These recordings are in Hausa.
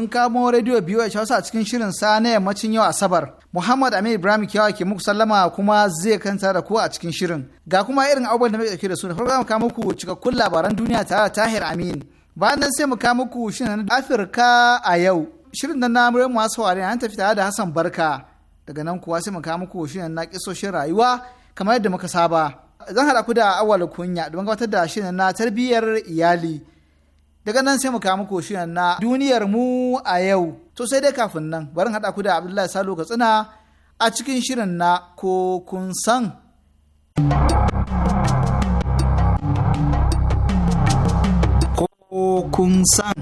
kun kamo rediyo biyu a Hausa a cikin shirin sa na yammacin yau Asabar. Muhammad Amir Ibrahim Kiyawa ke muku sallama kuma zai kanta da ku a cikin shirin. Ga kuma irin abubuwan da muke dauke da su da farko mu ku muku cikakkun labaran duniya tare da Tahir Amin. Bayan nan sai mu kawo muku shirin Afirka a yau. Shirin da na muryar masu ware an tafi tare da Hassan Barka. Daga nan kuwa sai mu kawo muku shirin na kisoshin rayuwa kamar yadda muka saba. Zan haɗa ku da awal kunya don gabatar da shirin na tarbiyyar iyali. daga nan sai mu kawo muku na duniyar mu a yau to sai dai kafin nan barin haɗa ku da abdullahi salo katsina a cikin shirin na ko kun san ko kun san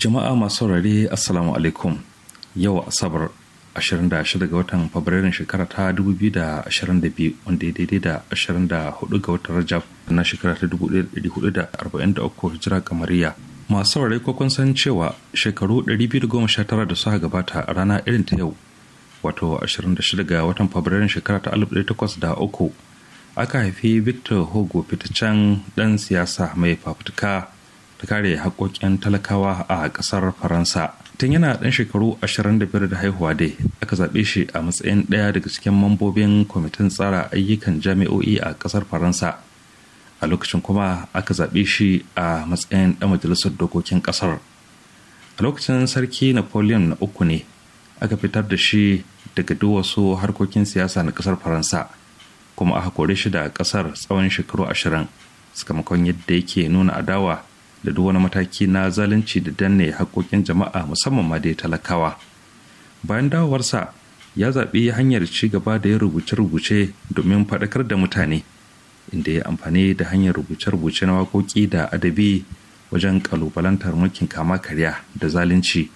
jama'a masu saurare assalamu alaikum yau asabar 26 ga watan fabrairun shekara ta 2022 wanda ya daidai da 24 ga watan rajab na shekara ta 1443 hijira kamariya masu saurare ko kun san cewa shekaru 219 da suka gabata a rana irin ta yau wato 26 ga watan fabrairun shekara ta 1803 aka haifi victor hugo fitaccen dan siyasa mai fafutuka ta kare haƙoƙin talakawa a ƙasar faransa tun yana ɗan shekaru 25 da haihuwa dai aka zaɓe shi a matsayin ɗaya daga cikin mambobin kwamitin tsara ayyukan jami'o'i a ƙasar faransa a lokacin kuma aka zaɓe shi a matsayin ɗan majalisar dokokin ƙasar a lokacin sarki napoleon na uku ne aka fitar da shi daga duk wasu harkokin siyasa na ƙasar faransa kuma aka kore shi da ƙasar tsawon shekaru ashirin sakamakon yadda yake nuna adawa da duk wani mataki na zalunci da danne haƙoƙin jama'a musamman ma dai talakawa bayan dawowarsa ya zaɓi hanyar ci gaba da ya rubuce-rubuce domin faɗakar da mutane inda ya amfani da hanyar rubuce-rubuce na waƙoƙi da adabi wajen kalubalantar mulkin kama karya da zalunci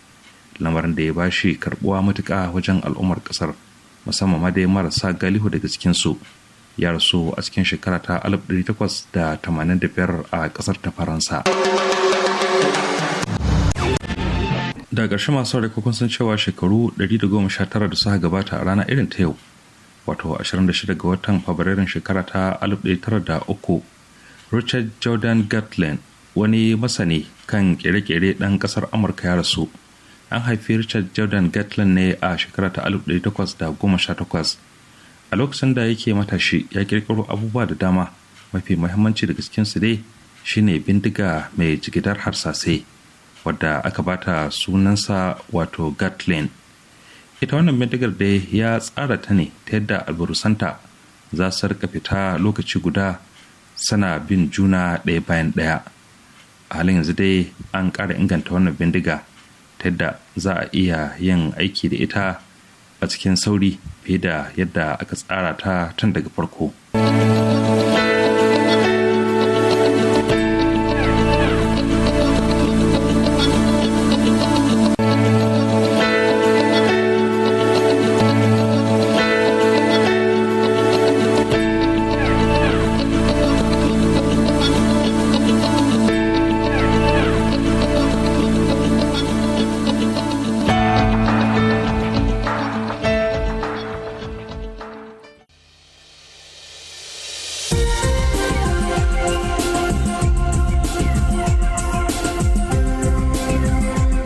lamarin da ya bashi shi karɓuwa matuƙa wajen al'ummar ƙasar musamman ma dai marasa galihu daga cikinsu su ya rasu a cikin shekara ta 1885 a kasar ta faransa da ƙarshe masu rikakun sun cewa shekaru 119 da suka gabata a rana irin ta yau wato 26 ga watan fabrairun shekara ta 1903 richard jordan gatlin wani masani kan kere-kere ɗan ƙasar amurka ya rasu an haifi richard jordan gatlin ne a shekara ta 1818 a lokacin da yake matashi ya kirkiro abubuwa da dama mafi muhimmanci da su dai shine bindiga mai jigidar harsasai wadda aka bata sunansa wato gatlin ita wannan bindigar dai ya tsara ta ne ta yadda alburusanta za su rika fita lokaci guda sana bin juna ɗaya bayan ɗaya a halin yanzu dai an ƙara inganta wannan bindiga ta yadda za a iya yin aiki da ita a cikin sauri fiye da yadda aka tsara ta tun daga farko.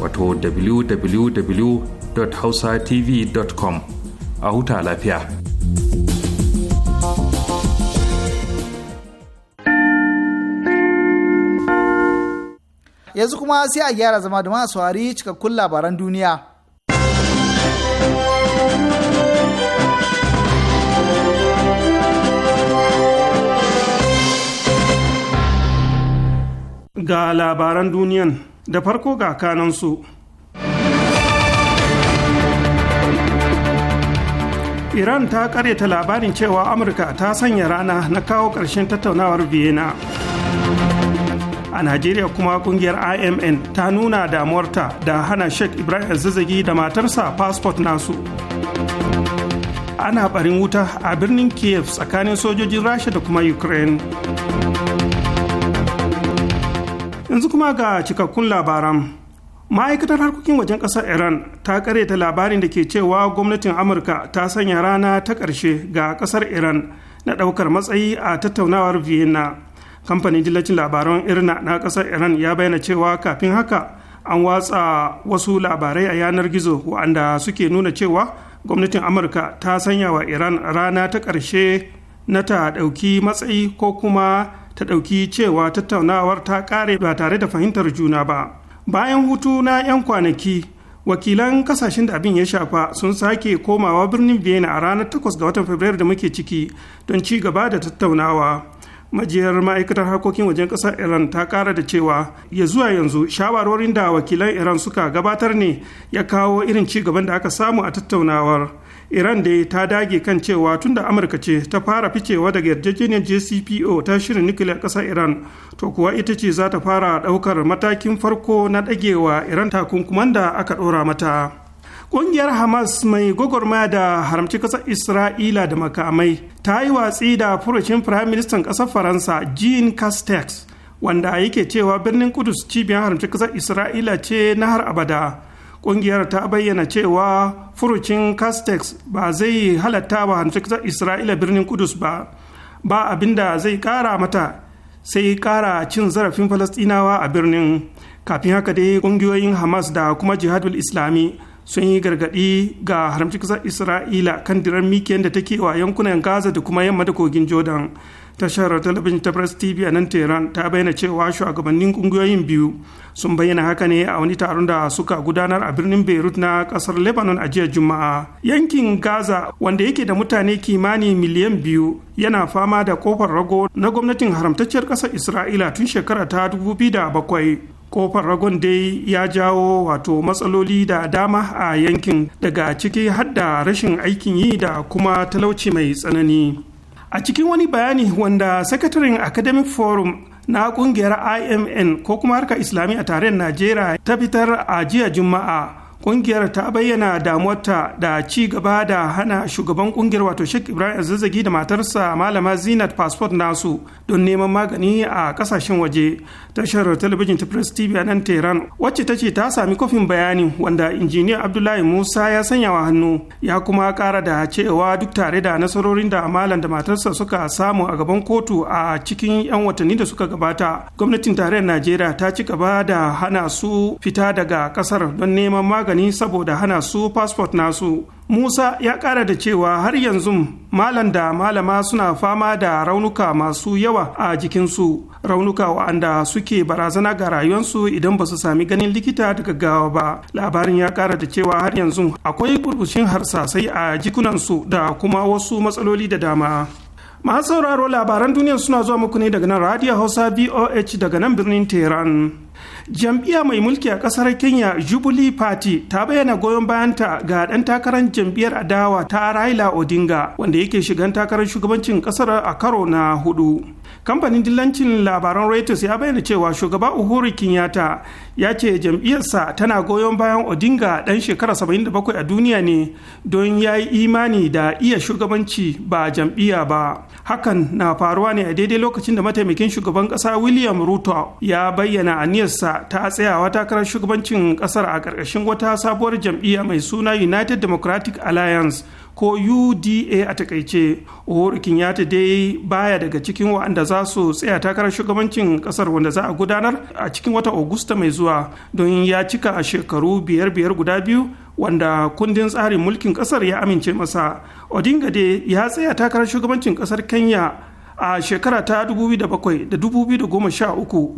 wato www.hausatv.com a huta lafiya. Yanzu kuma sai a gyara zama da masu wari cikakkun labaran duniya. Ga labaran duniyan da farko ga kanansu iran ta karyata labarin cewa amurka ta sanya rana na kawo ƙarshen tattaunawar vienna a najeriya kuma kungiyar imn ta nuna damuwarta da hana sheikh ibrahim zazzagi da matarsa fasfot nasu ana barin wuta a birnin kiev tsakanin sojojin rasha da kuma ukraine yanzu kuma ga cikakkun labaran ma'aikatar harkokin wajen ƙasar iran ta karyata labarin da ke cewa gwamnatin amurka ta sanya rana ta ƙarshe ga ƙasar iran na ɗaukar matsayi a tattaunawar vienna kamfanin dillacin labaran irna na ƙasar iran ya bayyana cewa kafin haka an watsa wasu labarai a yanar gizo wa'anda suke nuna cewa gwamnatin amurka ta sanya wa iran rana ta ƙarshe na ta ɗauki matsayi ko kuma ta ɗauki cewa tattaunawar ta ƙare ba tare da fahimtar juna ba bayan hutu na 'yan kwanaki wakilan kasashen da abin ya shafa sun sake komawa birnin vienna a ranar 8 ga watan fabrairu da muke ciki don ci gaba da tattaunawa majiyar ma'aikatar harkokin wajen ƙasar iran ta kara da cewa ya zuwa yanzu shawarwarin da wakilan iran suka gabatar ne ya kawo irin ci gaban da aka samu a tattaunawar iran dai ta dage kan cewa tun da amurka ce ta fara ficewa daga yarjejeniyar jcpo ta shirin nukiliyar ƙasar iran to kuwa ita ce za ta fara ɗaukar matakin farko na dagewa iran takunkuman da aka ɗora mata ƙungiyar hamas mai gwagwarmaya da haramci kasar isra'ila da makamai ta yi watsi da furucin firayim ministan ƙasar faransa jean castex wanda yake cewa birnin kudus cibiyar haramci ƙasar isra'ila ce na har abada Ƙungiyar ta bayyana cewa furucin Castex ba zai halatta wa hantar Isra'ila birnin Kudus ba, ba abinda zai kara mata sai kara cin zarafin Falasɗinawa a birnin. Kafin haka dai ƙungiyoyin Hamas da kuma Jihadul Islami sun yi gargadi ga haramci ƙasar Isra'ila kan dirar mikiyan da take wa yankunan Gaza da kuma yamma da kogin Jordan. tashar talabijin ta press tv a nan tehran ta bayyana cewa shugabannin kungiyoyin biyu sun bayyana haka ne a wani taron da suka gudanar a birnin beirut na kasar lebanon a jiya juma'a yankin gaza wanda yake da mutane kimanin miliyan biyu yana fama da kofar rago na gwamnatin haramtacciyar kasar isra'ila tun shekara ta 2007 kofar ragon dai ya jawo wato matsaloli da dama a yankin daga ciki hadda rashin aikin yi da kuma talauci mai tsanani a cikin wani bayani wanda sakataren academic forum na kungiyar imn ko kuma harka islami a tarayyar najeriya ta fitar a jiya juma'a kungiyar ta bayyana damuwarta da ci gaba da hana shugaban kungiyar wato sheikh ibrahim zazzagi da matarsa malama zinat passport nasu don neman magani a kasashen waje tashar talabijin ta press tv a nan tehran wacce ta ce ta sami kofin bayani wanda injiniya abdullahi musa ya sanya wa hannu ya kuma kara da cewa duk tare da nasarorin da malam da matarsa suka samu a gaban kotu a cikin 'yan watanni da suka gabata gwamnatin tarayyar najeriya ta ci gaba da hana su fita daga kasar don neman magani saboda hana su fasfot nasu Musa ya ƙara da cewa har yanzu malam da malama suna fama da raunuka masu yawa a jikinsu, raunuka wa'anda suke barazana ga rayuwarsu idan ba su sami ganin likita daga gaggawa ba. Labarin ya kara da cewa har yanzu akwai burbushin harsasai a jikunansu da kuma wasu matsaloli da dama. Masu sauraro labaran duniya suna zuwa muku ne daga nan Radio Hausa B.O.H daga nan birnin Tehran. jam'iyya mai mulki a kasar kenya jubilee party ta bayyana goyon bayanta ga dan takarar jam'iyyar adawa ta raila odinga wanda yake shigan takarar shugabancin kasar a karo na hudu kamfanin dillancin labaran reuters ya bayyana cewa shugaba uhuru kenyatta ya ce jam'iyyarsa tana goyon bayan odinga dan shekara 77 a duniya ne don ya yi imani da iya shugabanci ba jam'iyya ba hakan na faruwa ne a daidai lokacin da mataimakin shugaban kasa william ruto ya bayyana aniyarsa ta ta tsayawa takarar shugabancin kasar a ƙarƙashin wata sabuwar jam'iyya mai suna united democratic alliance ko uda a takaice uhuru kenyatta dai baya daga cikin wa'anda za su tsaya takarar shugabancin kasar wanda za a gudanar a cikin wata augusta mai zuwa don ya cika a shekaru biyar biyar guda biyu wanda kundin tsarin mulkin kasar ya amince masa odinga dai ya tsaya takarar shugabancin kasar kenya a shekara ta 2007 da 2013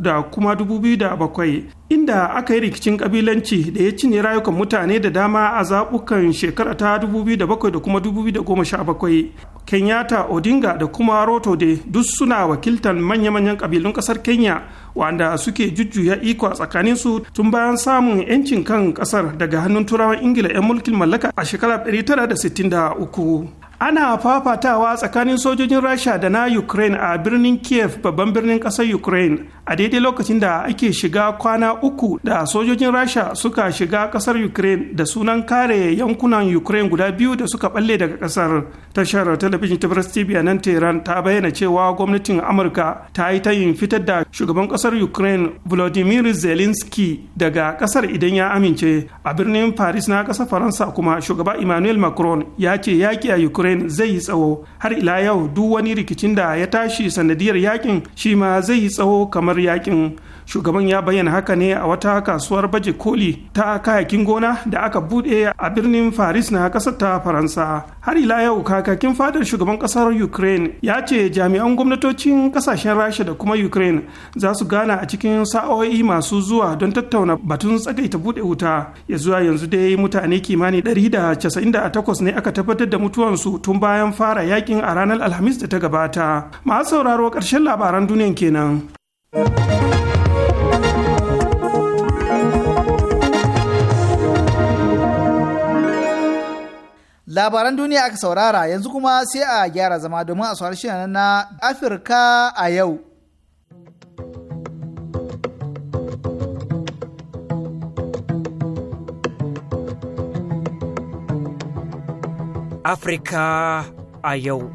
da kuma 2007 inda aka yi rikicin kabilanci da ya cinye rayukan mutane da dama a zaɓukan shekara ta 2007 da kuma 2017 kenyatta odinga da kuma roto de duk suna wakiltar manya-manyan kabilun ƙasar kenya wanda suke jujjuya iko a tsakaninsu tun bayan samun 'yancin kan ƙasar daga hannun turawan ingila 'yan mulkin mallaka a shekara 1963 ana fafatawa tsakanin sojojin rasha da na ukraine a birnin kiev babban birnin ƙasar ukraine a daidai lokacin da ake shiga kwana uku da sojojin rasha suka shiga ƙasar ukraine da sunan kare yankunan ukraine guda biyu da suka balle daga ƙasar tashar talabijin ta press tv nan tehran ta bayyana cewa gwamnatin amurka ta yi tayin fitar da shugaban ƙasar ukraine volodymyr zelensky daga ƙasar idan ya amince a birnin paris na ƙasar faransa kuma shugaba emmanuel macron ya ce yaki a ukraine ukraine zai yi tsawo har ila yau duk wani rikicin da ya tashi sanadiyar yakin shi ma zai yi tsawo kamar yakin shugaban ya bayyana haka ne a wata kasuwar baje koli ta kayakin gona da aka bude a birnin faris na kasar ta faransa har ila yau kakakin fadar shugaban kasar ukraine ya ce jami'an gwamnatocin kasashen rasha da kuma ukraine za su gana a cikin sa'o'i masu zuwa don tattauna batun tsagaita bude wuta ya zuwa yanzu dai mutane kimanin ɗari da da casa'in takwas ne aka tabbatar da mutuwansu tun bayan fara yakin a ranar alhamis da ta gabata masu sauraro karshen labaran duniyan kenan. labaran duniya aka saurara yanzu kuma sai a gyara zama domin a saurari shi na afirka a yau afirka a yau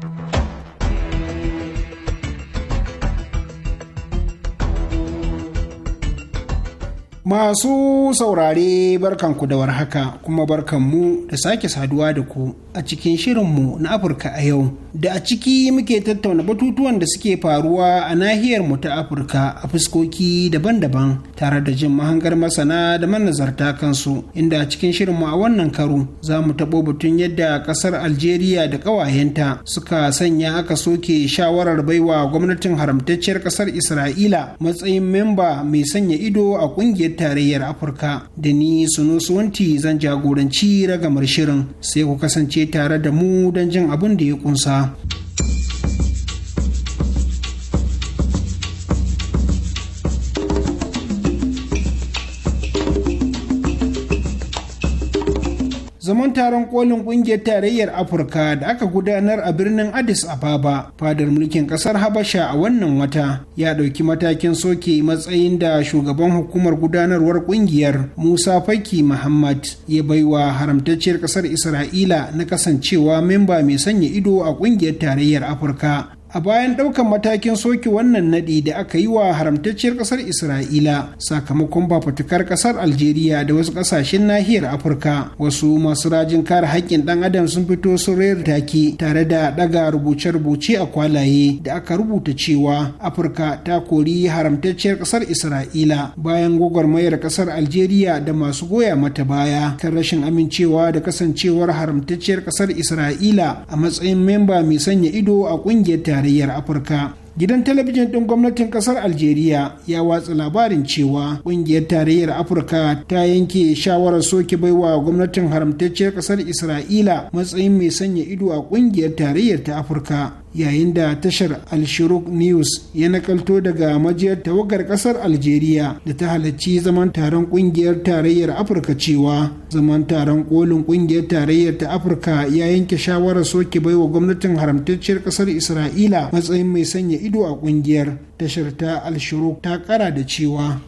Masu saurare barkan ku da warhaka kuma barkanmu da sake saduwa da ku a cikin shirinmu na Afirka a yau. Da a ciki muke tattauna batutuwan da suke faruwa a nahiyar mu ta Afirka a fuskoki daban-daban tare da jin mahangar masana da manazarta kansu inda a cikin shirinmu a wannan karo za mu taɓo batun yadda ƙasar Algeria da ƙawayenta suka sanya aka soke shawarar baiwa gwamnatin haramtacciyar ƙasar Isra'ila matsayin memba mai sanya ido a ƙungiyar tarayyar afirka da ni suno suwanti zan jagoranci ragamar shirin sai ku kasance tare da mu don jin abin da ya kunsa. taron kolin kungiyar tarayyar afirka da aka gudanar a birnin addis ababa fadar mulkin kasar habasha a wannan wata ya ɗauki matakin soke matsayin da shugaban hukumar gudanarwar kungiyar musa faki muhammad ya baiwa haramtacciyar kasar isra'ila na kasancewa memba mai sanya ido a kungiyar tarayyar afirka a bayan ɗaukan matakin soke wannan naɗi da aka yi wa haramtacciyar ƙasar isra'ila sakamakon bafatukar ƙasar algeria da wasu ƙasashen nahiyar afirka wasu masu rajin kare haƙƙin ɗan adam sun fito sun rayar take tare da ɗaga rubuce-rubuce a kwalaye da aka rubuta cewa afirka ta kori haramtacciyar ƙasar isra'ila bayan gwagwarmayar ƙasar algeria da masu goya mata baya kan rashin amincewa da kasancewar haramtacciyar ƙasar isra'ila a matsayin memba mai sanya ido a ƙungiyar tarayyar afirka gidan talabijin ɗin gwamnatin ƙasar algeria ya watsa labarin cewa ƙungiyar tarayyar afirka ta yanke shawarar soke baiwa gwamnatin haramtacciyar ƙasar isra'ila matsayin mai sanya ido a ƙungiyar tarayyar ta afirka yayin da tashar alshiruk news ya nakalto daga majiyar tawagar kasar algeria da ta halarci zaman taron kungiyar tarayyar afirka cewa zaman taron kolin kungiyar tarayyar ta afirka ya yanke shawarar soke baiwa gwamnatin haramtacciyar kasar isra'ila matsayin mai sanya ido a kungiyar tashar ta alshiruk ta kara da cewa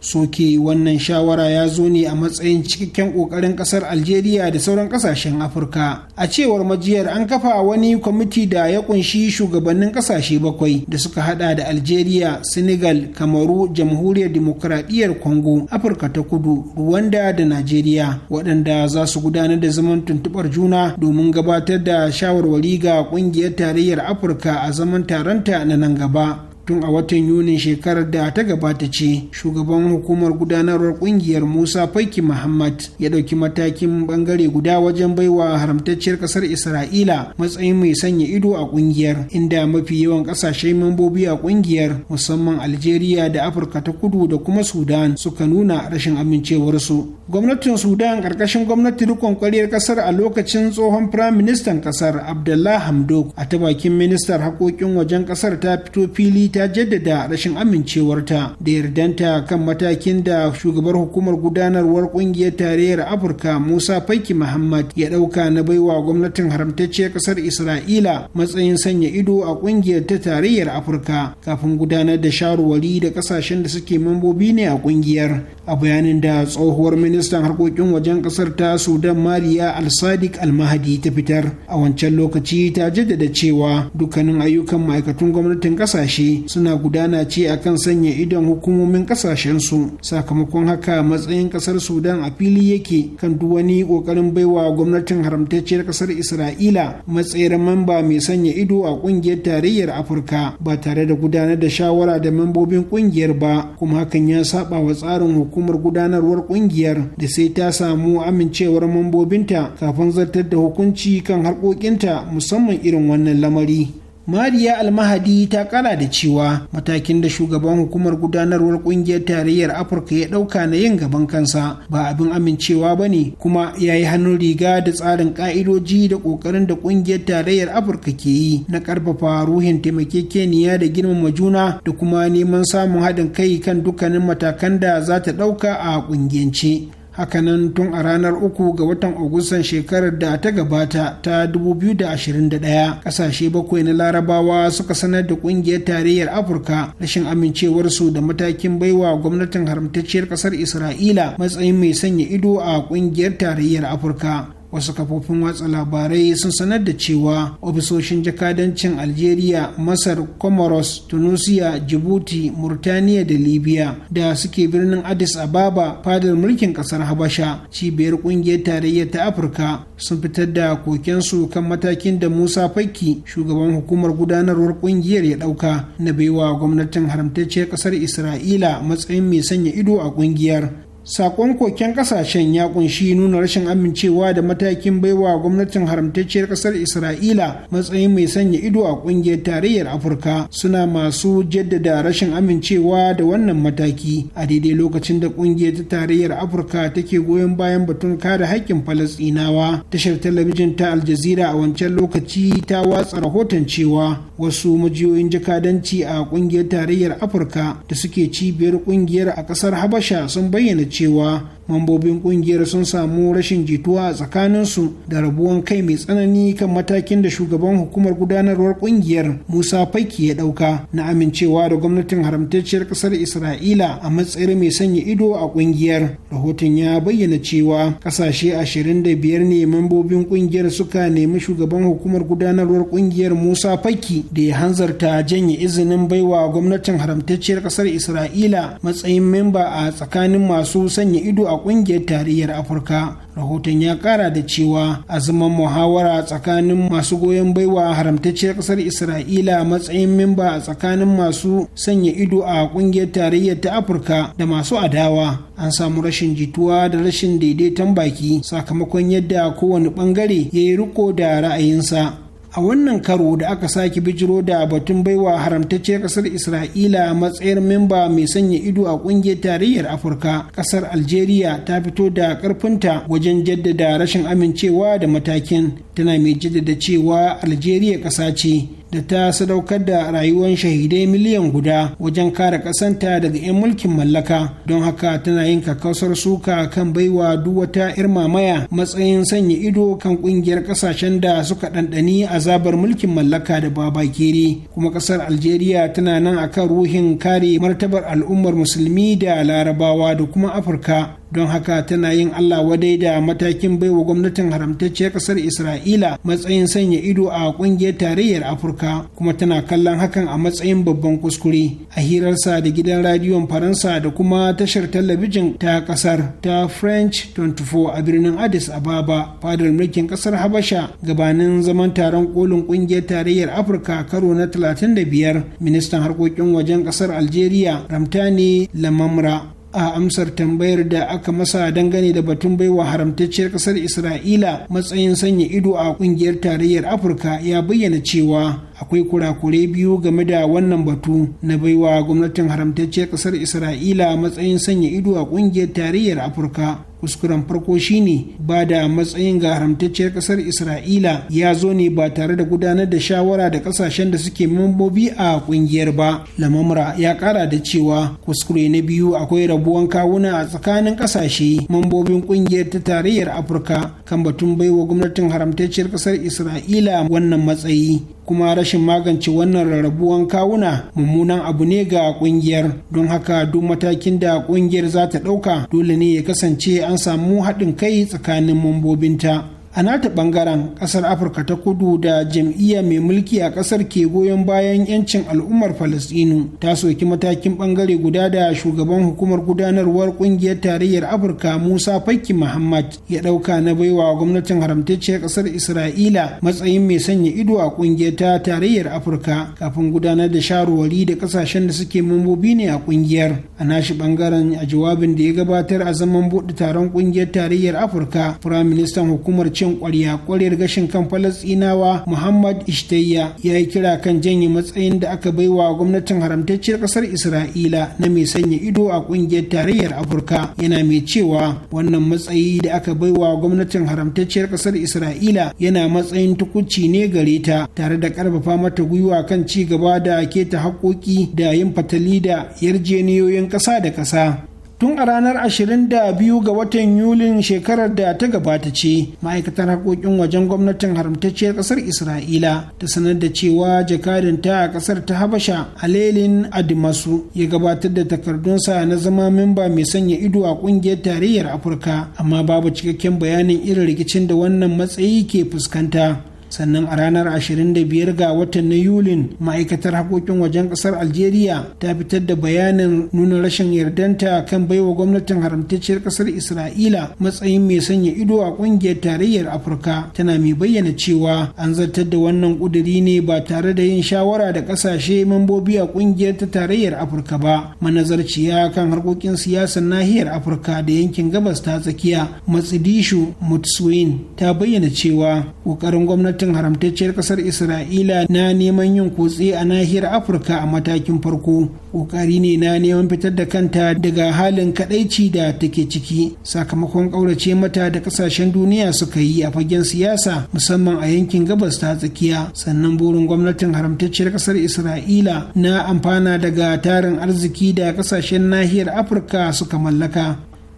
soke wannan shawara ya zo ne a matsayin cikakken kokarin kasar algeria da sauran kasashen afirka a cewar majiyar an kafa wani kwamiti da ya kunshi shugabannin kasashe bakwai da suka hada da algeria senegal kamaru jamhuriyar demokradiyyar congo afirka ta kudu rwanda da najeriya waɗanda za su gudanar da zaman tuntuɓar juna domin gabatar da shawarwari ga ƙungiyar tarayyar afirka a zaman taronta na nan gaba tun a watan yunin shekarar da ta gabata ce shugaban hukumar gudanarwar kungiyar musa faiki muhammad ya ɗauki matakin bangare guda wajen baiwa haramtacciyar ƙasar isra'ila matsayin mai sanya ido a kungiyar inda mafi yawan ƙasashe mambobi a kungiyar musamman algeria da afirka ta kudu da kuma sudan suka nuna rashin amincewarsu gwamnatin sudan ƙarƙashin gwamnati rikon kwariyar ƙasar a lokacin tsohon firaministan ƙasar abdullah hamdok a ta bakin ministar haƙoƙin wajen ƙasar ta fito fili ta jaddada rashin amincewarta da yardanta kan matakin da shugabar hukumar gudanarwar kungiyar tarayyar afirka musa faiki muhammad ya dauka na baiwa gwamnatin haramtacciyar kasar isra'ila matsayin sanya ido a kungiyar ta tarayyar afirka kafin gudanar da shawarwari da kasashen da suke mambobi ne a kungiyar a bayanin da tsohuwar ministan harkokin wajen kasar ta sudan mariya al-sadiq al-mahadi ta fitar a wancan lokaci ta jaddada cewa dukkanin ayyukan ma'aikatun gwamnatin kasashe. suna gudana ce akan sanya idon hukumomin kasashensu sakamakon haka matsayin kasar sudan a fili yake kan duk wani kokarin baiwa gwamnatin haramtacciyar kasar isra'ila matsayar mamba mai sanya ido a kungiyar tarayyar afirka ba tare da gudanar da shawara da mambobin kungiyar ba kuma hakan ya saba wa tsarin hukumar gudanarwar kungiyar da sai ta samu amincewar mambobinta kafin zartar da hukunci kan harkokinta musamman irin wannan lamari mariya almahadi ta kara da cewa matakin da shugaban hukumar gudanarwar kungiyar tarayyar afirka ya dauka na yin gaban kansa ba abin amincewa ba ne kuma ya yi hannun riga da tsarin ka'idoji da kokarin da kungiyar tarayyar afirka ke yi na karfafa ruhin taimakekeniya da girmama juna da kuma neman samun haɗin kai kan dukkanin matakan da za ta dauka a kungiyance hakanan tun a ranar uku ga watan agustan shekarar da ta gabata ta 2021 kasashe bakwai na larabawa suka sanar da kungiyar tarayyar afirka rashin amincewarsu da matakin baiwa gwamnatin haramtacciyar kasar isra'ila matsayin mai sanya ido a kungiyar tarayyar afirka wasu kafofin watsa labarai sun sanar da cewa ofisoshin jakadancin algeria masar comoros tunisia djibouti murtaniya da libya da suke birnin addis ababa fadar mulkin kasar habasha cibiyar kungiyar tarayya ta afirka sun fitar da kokensu kan matakin da musa fakki shugaban hukumar gudanarwar kungiyar ya dauka na baiwa gwamnatin haramtacciyar kasar isra'ila matsayin mai sanya ido a kungiyar sakon koken kasashen ya kunshi nuna rashin amincewa da matakin baiwa gwamnatin haramtacciyar kasar isra'ila matsayin mai sanya ido a kungiyar tarayyar afirka suna masu jaddada rashin amincewa da wannan mataki a daidai lokacin da kungiyar ta tarayyar afirka take goyon bayan batun kare haƙƙin falastinawa tashar talabijin ta aljazira a wancan lokaci ta watsa rahoton cewa wasu majiyoyin jakadanci a kungiyar tarayyar afirka da suke cibiyar kungiyar a kasar habasha sun bayyana cewa mambobin kungiyar sun samu rashin jituwa a tsakaninsu da rabuwan kai mai tsanani kan matakin da shugaban hukumar gudanarwar kungiyar musa faki ya dauka na amincewa da gwamnatin haramtacciyar kasar isra'ila a matsayin mai sanya ido a kungiyar rahoton ya bayyana cewa kasashe 25 ne mambobin kungiyar suka nemi shugaban hukumar gudanarwar kungiyar musa faki da ya hanzarta janye izinin baiwa gwamnatin haramtacciyar kasar isra'ila matsayin memba a tsakanin masu sanya ido a a kungiyar tarayyar afirka rahoton ya kara da cewa azuman muhawara tsakanin masu goyon baiwa haramtacciyar kasar isra'ila matsayin memba a tsakanin masu sanya ido a kungiyar tarayyar ta afirka da masu adawa an samu rashin jituwa da rashin daidaiton baki sakamakon yadda kowane bangare ya yi riko da ra'ayinsa a wannan karo da aka sake bijiro da batun baiwa haramtacce kasar isra'ila matsayin memba mai sanya ido a kungiyar tarayyar afirka kasar algeria ta fito da karfinta wajen jaddada rashin amincewa da matakin tana mai jaddada cewa algeria kasa ce da ta sadaukar da rayuwar shahidai miliyan guda wajen kare kasanta daga 'yan mulkin mallaka don haka tana yin kakkausar suka kan baiwa duk wata irmamaya matsayin sanya ido kan kungiyar kasashen da suka ɗanɗani a azabar mulkin mallaka da babakiri kuma kasar algeria tana nan akan ruhin kare martabar al'ummar musulmi da larabawa da kuma afirka don haka tana yin Allah wadai da matakin baiwa gwamnatin haramtacciyar ƙasar Isra'ila matsayin sanya ido a ƙungiyar tarayyar Afirka kuma tana kallon hakan a matsayin babban kuskure a hirarsa da gidan radiyon Faransa da kuma tashar talabijin ta ƙasar ta French 24 a birnin Addis Ababa fadar mulkin ƙasar Habasha gabanin zaman taron kolin ƙungiyar tarayyar Afirka karo na 35 ministan harkokin wajen ƙasar Algeria Ramtani Lamamra a amsar tambayar da aka masa dangane da batun baiwa haramtacciyar kasar isra'ila matsayin sanya ido a kungiyar tarayyar afirka ya bayyana cewa akwai kurakure biyu game da wannan batu na baiwa gwamnatin haramtacce ƙasar isra'ila matsayin sanya ido a ƙungiyar tarayyar afirka kuskuren farko shine ba da matsayin ga haramtacciyar ƙasar isra'ila ya zo ne ba tare da gudanar da shawara da ƙasashen da suke mambobi a ƙungiyar ba lamamra ya ƙara da cewa kuskure na biyu akwai rabuwan kawuna a tsakanin ƙasashe mambobin ƙungiyar ta tarayyar afirka kan batun baiwa gwamnatin haramtacciyar ƙasar isra'ila wannan matsayi kuma rashin magance wannan rarrabuwan kawuna mummunan abu ne ga kungiyar don haka duk matakin da kungiyar za ta ɗauka dole ne ya kasance an samu haɗin kai tsakanin mambobinta a nata bangaren kasar afirka ta kudu da jam'iyya mai mulki a kasar ke goyon bayan yancin al'ummar falastinu ta soki matakin bangare guda da shugaban hukumar gudanarwar kungiyar tarayyar afirka musa fakki muhammad ya dauka na baiwa gwamnatin haramtacciyar kasar isra'ila matsayin mai sanya ido a kungiyar ta tarayyar afirka kafin gudanar da shawarwari da kasashen da suke mambobi ne a kungiyar a nashi bangaren a jawabin da ya gabatar a zaman bude taron kungiyar tarayyar afirka firaministan hukumar ce kishin kwarya gashin kan falasinawa muhammad ishtayya ya yi kira kan janye matsayin da aka baiwa gwamnatin haramtacciyar ƙasar isra'ila na mai sanya ido a ƙungiyar tarayyar afirka yana mai cewa wannan matsayi da aka baiwa gwamnatin haramtacciyar ƙasar isra'ila yana matsayin tukuci ne gare ta tare da ƙarfafa mata gwiwa kan ci gaba da keta haƙoƙi da yin fatali da yarjeniyoyin ƙasa da ƙasa tun a ranar 22 ga watan yulin shekarar da ta gabata ce ma'aikatar harkokin wajen gwamnatin haramtacciyar kasar isra'ila ta sanar da cewa ta a kasar ta habasha alelin adimasu ya gabatar da takardunsa na zama memba mai sanya ido a kungiyar tarayyar afirka amma babu cikakken bayanin irin rikicin da wannan matsayi ke fuskanta sannan a ranar 25 ga watan na yulin ma'aikatar haƙoƙin wajen ƙasar algeria ta fitar da bayanin nuna rashin yardanta kan baiwa gwamnatin haramtacciyar ƙasar isra'ila matsayin mai sanya ido a ƙungiyar tarayyar afirka tana mai bayyana cewa an zartar da wannan ƙuduri ne ba tare da yin shawara da ƙasashe mambobi a ƙungiyar ta tarayyar afirka ba manazarciya kan harkokin siyasar nahiyar afirka da yankin gabas ta tsakiya matsidishu mutswin ta bayyana cewa ƙoƙarin gwamnati gwamnatin haramtacciyar kasar isra'ila na neman yin kutse a nahiyar afirka a matakin farko kokari ne na neman fitar da kanta daga halin kadaici da take ciki sakamakon kaurace mata da kasashen duniya suka yi a fagen siyasa musamman a yankin gabas ta tsakiya sannan burin gwamnatin haramtacciyar kasar isra'ila na amfana daga tarin arziki da kasashen nahiyar afirka suka mallaka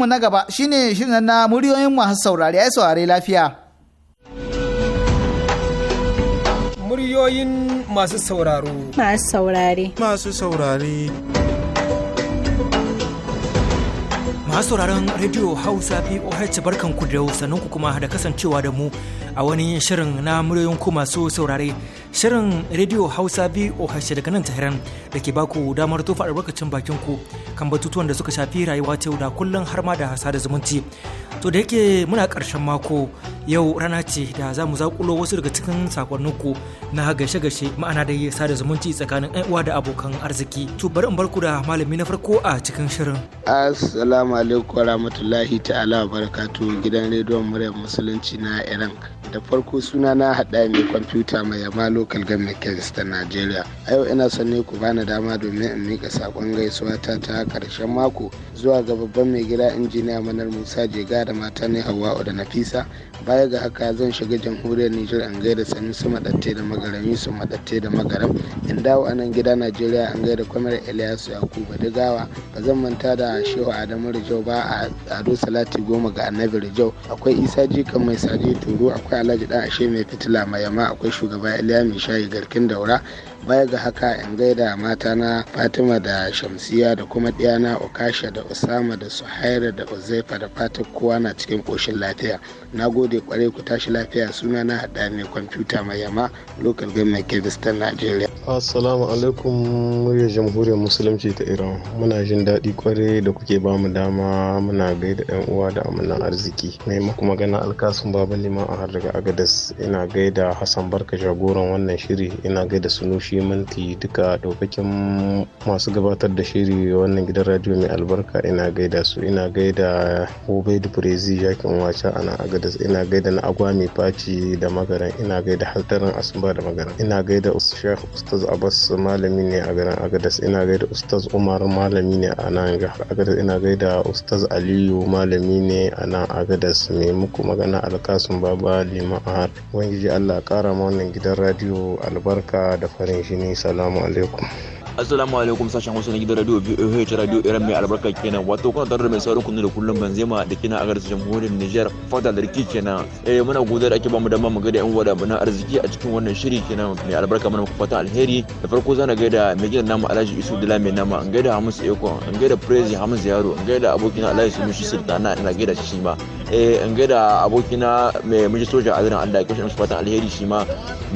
mu na gaba shine shirin na muryoyin masu saurari ai saurari lafiya. Muryoyin masu sauraro. Masu saurari. Masu saurari. masu sauraron rediyo hausa voh barkanku da sannan ku kuma da kasancewa da mu a wani shirin na muryoyin ku masu saurare shirin rediyo hausa voh daga nan tahiran da ke baku damar tofa albarkacin bakin ku kan batutuwan da suka shafi rayuwa ta da kullum har ma da sada zumunci to da yake muna karshen mako yau rana ce da za mu zakulo wasu daga cikin sakonnin ku na gashe-gashe ma'ana da sada zumunci tsakanin uwa da abokan arziki to bari in barku da malami na farko a cikin shirin assalamu alaikum wa rahmatullahi ta'ala wa barakatu gidan rediyon muryar musulunci na iran da farko suna na haɗa mai kwamfuta mai yamma lokal government kings nigeria a yau ina son ne ku bani dama domin in mika sakon gaisuwa ta ta ƙarshen mako zuwa ga babban mai gida injiniya manar musa jega da mata ne hawa da nafisa baya ga haka zan shiga jamhuriyar niger an gaida sami su maɗatte da magaram su maɗatte da magaram in dawo a nan gida nigeria an gaida kwamar iliyasu yakubu digawa ba zan manta da shehu adamu Rijau ba a Ado Salati goma ga Annabi Rijau akwai Isa Jikan mai saje turu akwai Alhaji Dan Ashe mai fitila mai yama akwai shugaba Iliya mai shayi garkin daura baya ga haka in gaida matana fatima da shamsiya da kuma na okasha da usama da suhaira da uzaifa da fatan kowa na cikin koshin lafiya na gode kwarai ku tashi lafiya suna na hada mai kwamfuta mai yama local government kebistan nigeria assalamu alaikum murya jamhuriyar musulunci ta iran muna jin daɗi kwarai da kuke ba mu dama muna gaida yan uwa da amanan arziki mai maku magana alkasun baba liman a har daga agadas ina gaida hassan barka jagoran wannan shiri ina gaida sunushi shi mulki duka ɗaukakin masu gabatar da shiri wannan gidan radio mai albarka ina gaida su ina gaida obey da brezi jakin wacha ana agadas ina gaida na agwa mai faci da magaran ina gaida haltarin asuba da magaran ina gaida shek ustaz abbas malami ne a garin agadas ina gaida ustaz umar malami ne a nan jihar agadas ina gaida ustaz aliyu malami ne a nan agadas mai muku magana alkasun baba lima a har ubangiji allah kara ma wannan gidan radio albarka da farin ne shi ne salamu alaikum assalamu alaikum sashen wasu na gidan radio biyu BOH radio Iran mai albarka kenan wato kuna tare da mai saurin kunu da kullum banzema da kina a garin jamhuriyar Niger fata da rikici kenan eh muna godiya da ake bamu dama mu ga da yan wada muna arziki a cikin wannan shiri kenan mai albarka mana ku fatan alheri da farko zan ga da mai gidan namu Alhaji Isu Dila mai nama an gaida da Eko an gaida da Prezi Hamisu Yaro an gaida abokina Alhaji Sunushi Sultana ina gaida shi ma eh an gaida abokina mai miji soja Azrin Allah ya kashe musu fatan alheri shi ma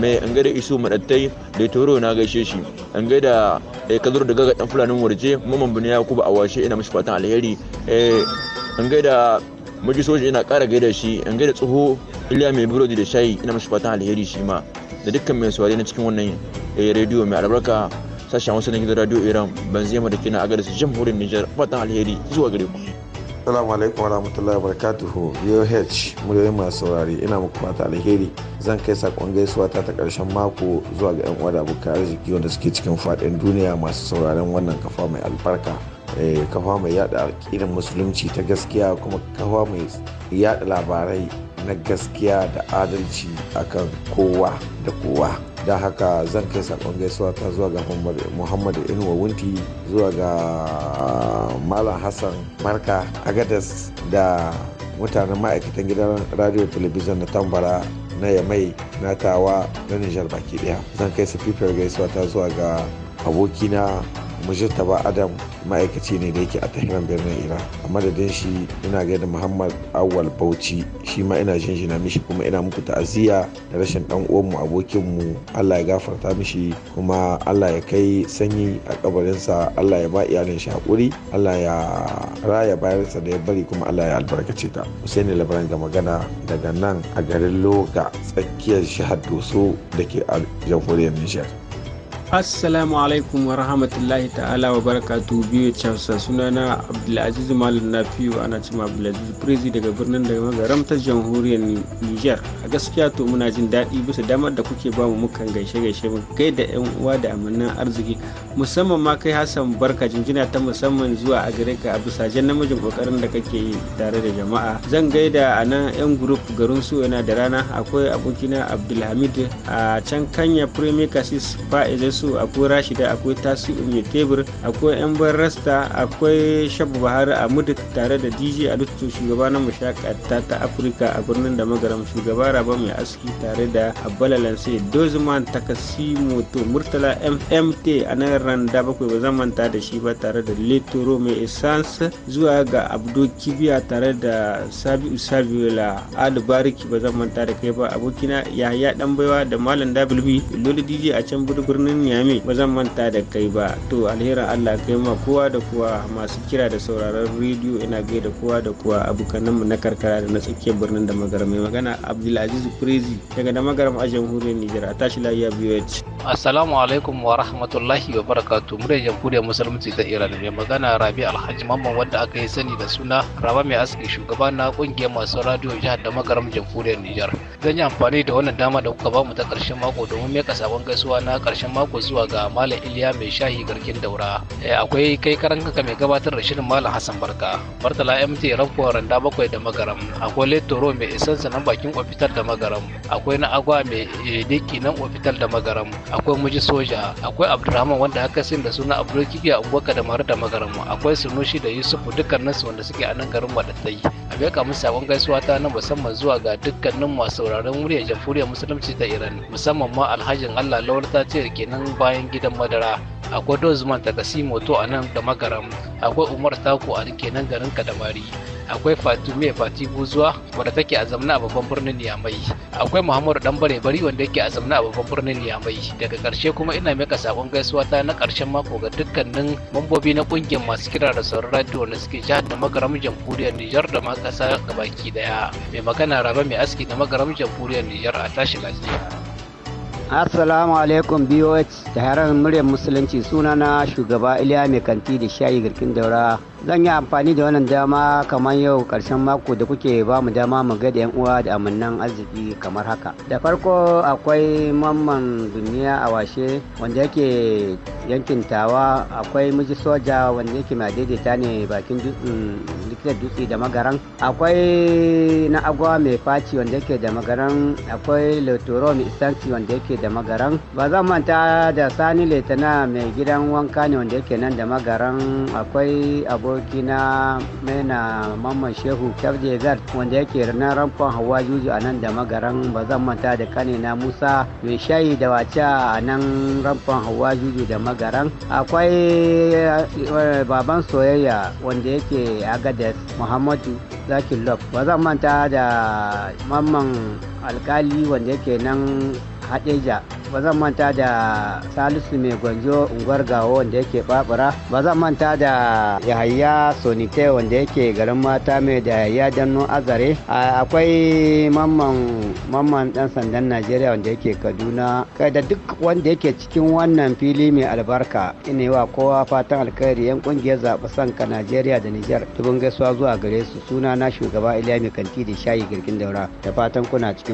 mai an gaida Isu Madattai da Toro na gaishe shi an gaida eh ka zuru daga dan fulanin warje mamman bin yakubu a washe ina mishi fatan alheri eh an gaida muji soji ina ƙara gaida shi an gaida tsoho iliya mai burodi da shayi ina mishi fatan alheri shi ma da dukkan mai sauri na cikin wannan eh, rediyo mai albarka sashen wasu na gidan radio iran ban da kina a garis jamhuriyar nijar fatan alheri zuwa gare ku Assalamu alaikum wa barakatuhu VOH muryoyi masu saurari ina muku fata alheri zan kai sakon gaisuwa ta ta karshen mako zuwa ga yan uwa da arziki wanda suke cikin fadin duniya masu sauraron wannan kafa mai albarka eh, kafa mai yada alƙirin musulunci ta gaskiya kuma kafa mai yada labarai na gaskiya da adalci akan kowa da kowa da haka zan kai sakon gaisuwa ta zuwa ga muhammadu inuwa wunti zuwa ga ah, malam hassan marka agadas da mutanen ma'aikatan gidan radio talabijin na tambara na yamai na tawa na nijar baki daya zan kai su fifiyar gaisuwa ta zuwa ga abokina mujtaba adam ma'aikaci ne da yake a tahiran birnin iran a madadin shi ina gaida muhammad awal bauchi shi ma ina jin shi na mishi kuma ina muku ta'aziyya da rashin dan uwanmu abokinmu allah ya gafarta mishi kuma allah ya kai sanyi a kabarinsa allah ya ba iyalin shi hakuri allah ya raya bayarsa da ya bari kuma allah ya albarkace ta husaini labaran ga magana daga nan a garin loga tsakiyar jihar doso da ke a jamhuriyar nijar Assalamu alaikum wa rahmatullahi ta'ala wa barakatu biyu Hausa sunana Abdulaziz Malam Nafiu ana cin Abdulaziz Prezi daga birnin da magaram ta jamhuriyar Niger. A gaskiya to muna jin daɗi bisa damar da kuke ba mu mukan gaishe gaishe mu kai da ƴan uwa da amannan arziki musamman ma kai Hassan Barka jinjina ta musamman zuwa a gare ka a bisa jan namijin kokarin da kake yi tare da jama'a. Zan gaida a nan yan group garin su yana da rana akwai abokina Abdulhamid a can Kanya Premier Cassis fa'izai isu akwai rashida akwai tasiu mai tebur akwai yan rasta akwai shabu Buhari a mudu tare da dj alutu shugaba na mashakata ta afirka a birnin da magaram shugaba raba mai aski tare da abbala lance dozman to murtala mmt a nan randa bakwai ba zan manta da shi ba tare da letoro mai essence zuwa ga abdo kibiya tare da sabiu Usabiola alibariki ba zan manta da kai ba abokina yahaya dan baiwa da malam dabilbi lolo dj a can birnin birnin mai ba zan manta da kai ba to alherin Allah kai ma kowa da kowa masu kira da sauraron rediyo ina gaida kowa da kowa abokanan mu na karkara da na tsakiyar birnin da magaram mai magana Abdulaziz Prezi daga da magaram a jamhuriyar Nijar a tashi lafiya ci Assalamu alaikum wa rahmatullahi wa barakatuh muryar jamhuriyar musulunci ta Iran mai magana Rabi Alhaji Mamman wanda aka yi sani da suna Raba mai aski shugaba na kungiyar masu radio jihar da mu jamhuriyar Nijar zan yi amfani da wannan dama da kuka bamu ta karshen mako domin meka sabon gaisuwa na karshen mako ku zuwa ga Malam Iliya mai shahi garkin daura. Eh, akwai kai karan kanka mai gabatar da shirin Malam Hassan Barka. Bartala MT Ranko Randa bakwai da Magaram. Akwai Letoro mai isansa nan bakin ofitar da Magaram. Akwai na Agwa mai eh, diki nan ofitar da Magaram. Akwai Muji Soja. Akwai Abdulrahman wanda haka sin da suna Abdul Kibi Abubakar da Mara da Magaram. Akwai Sunushi da Yusufu su wanda suke a nan garin Madatai. A bai kamun sakon gaisuwa ta na musamman zuwa ga dukkanin masu sauraron muryar jamhuriyar musulunci ta Iran musamman ma alhajin Allah lawar ta ce kenan bayan gidan madara akwai dozman daga simoto a nan da magaram akwai umar tako a nan garin kadamari akwai fatume fati buzuwa wadda take a zamna a babban birnin niyamai akwai muhammadu dan bare bari wanda yake a zamna a babban birnin niyamai daga karshe kuma ina mika sakon gaisuwa ta na karshen mako ga dukkanin mambobi na kungiyar masu kira da sauran radio wanda suke jihar da magaramin jamhuriyar nijar da ma kasa gabaki daya mai magana raba mai aski da magaramin jamhuriyar nijar a tashi lafiya Assalamu alaikum BOH da haran muryar musulunci sunana shugaba Iliya Mai Kanti da Shayi Garkin Daura zan yi amfani da wannan dama kamar yau karshen mako da kuke ba mu dama mu ga yan uwa da amannan arziki kamar haka da farko akwai mamman duniya a washe wanda yake yankin tawa akwai miji soja wanda yake ma daidaita ne bakin likitar dutse da magaran akwai na agwa mai faci wanda yake da magaran akwai lotoro mai isanci wanda yake da magaran ba zan manta da sani letana mai gidan wanka ne wanda yake nan da magaran akwai abu abokina maina mamman shehu kyarje zart wanda yake ranar ramfan hawa juju a nan da magaran ba zan manta da kanina musa mai shayi da wace a nan ramfan hawa juju da magaran akwai eh, baban soyayya wanda yake agades muhammadu zakin love ba zan manta da mamman alkali wanda yake nan hadeja ba zan manta da salisu mai gwanjo unguwar gawo wanda yake babura ba zan manta da yahaya sonite wanda yake garin mata mai da yahaya danno azare akwai mamman mamman dan sandan najeriya wanda yake kaduna kai da duk wanda yake cikin wannan fili mai albarka ina wa kowa fatan alkhairi yan kungiyar zaɓi sanka najeriya da nijar tubin gaisuwa zuwa gare su suna na shugaba iliya mai kanti da shayi girgin daura da fatan kuna cikin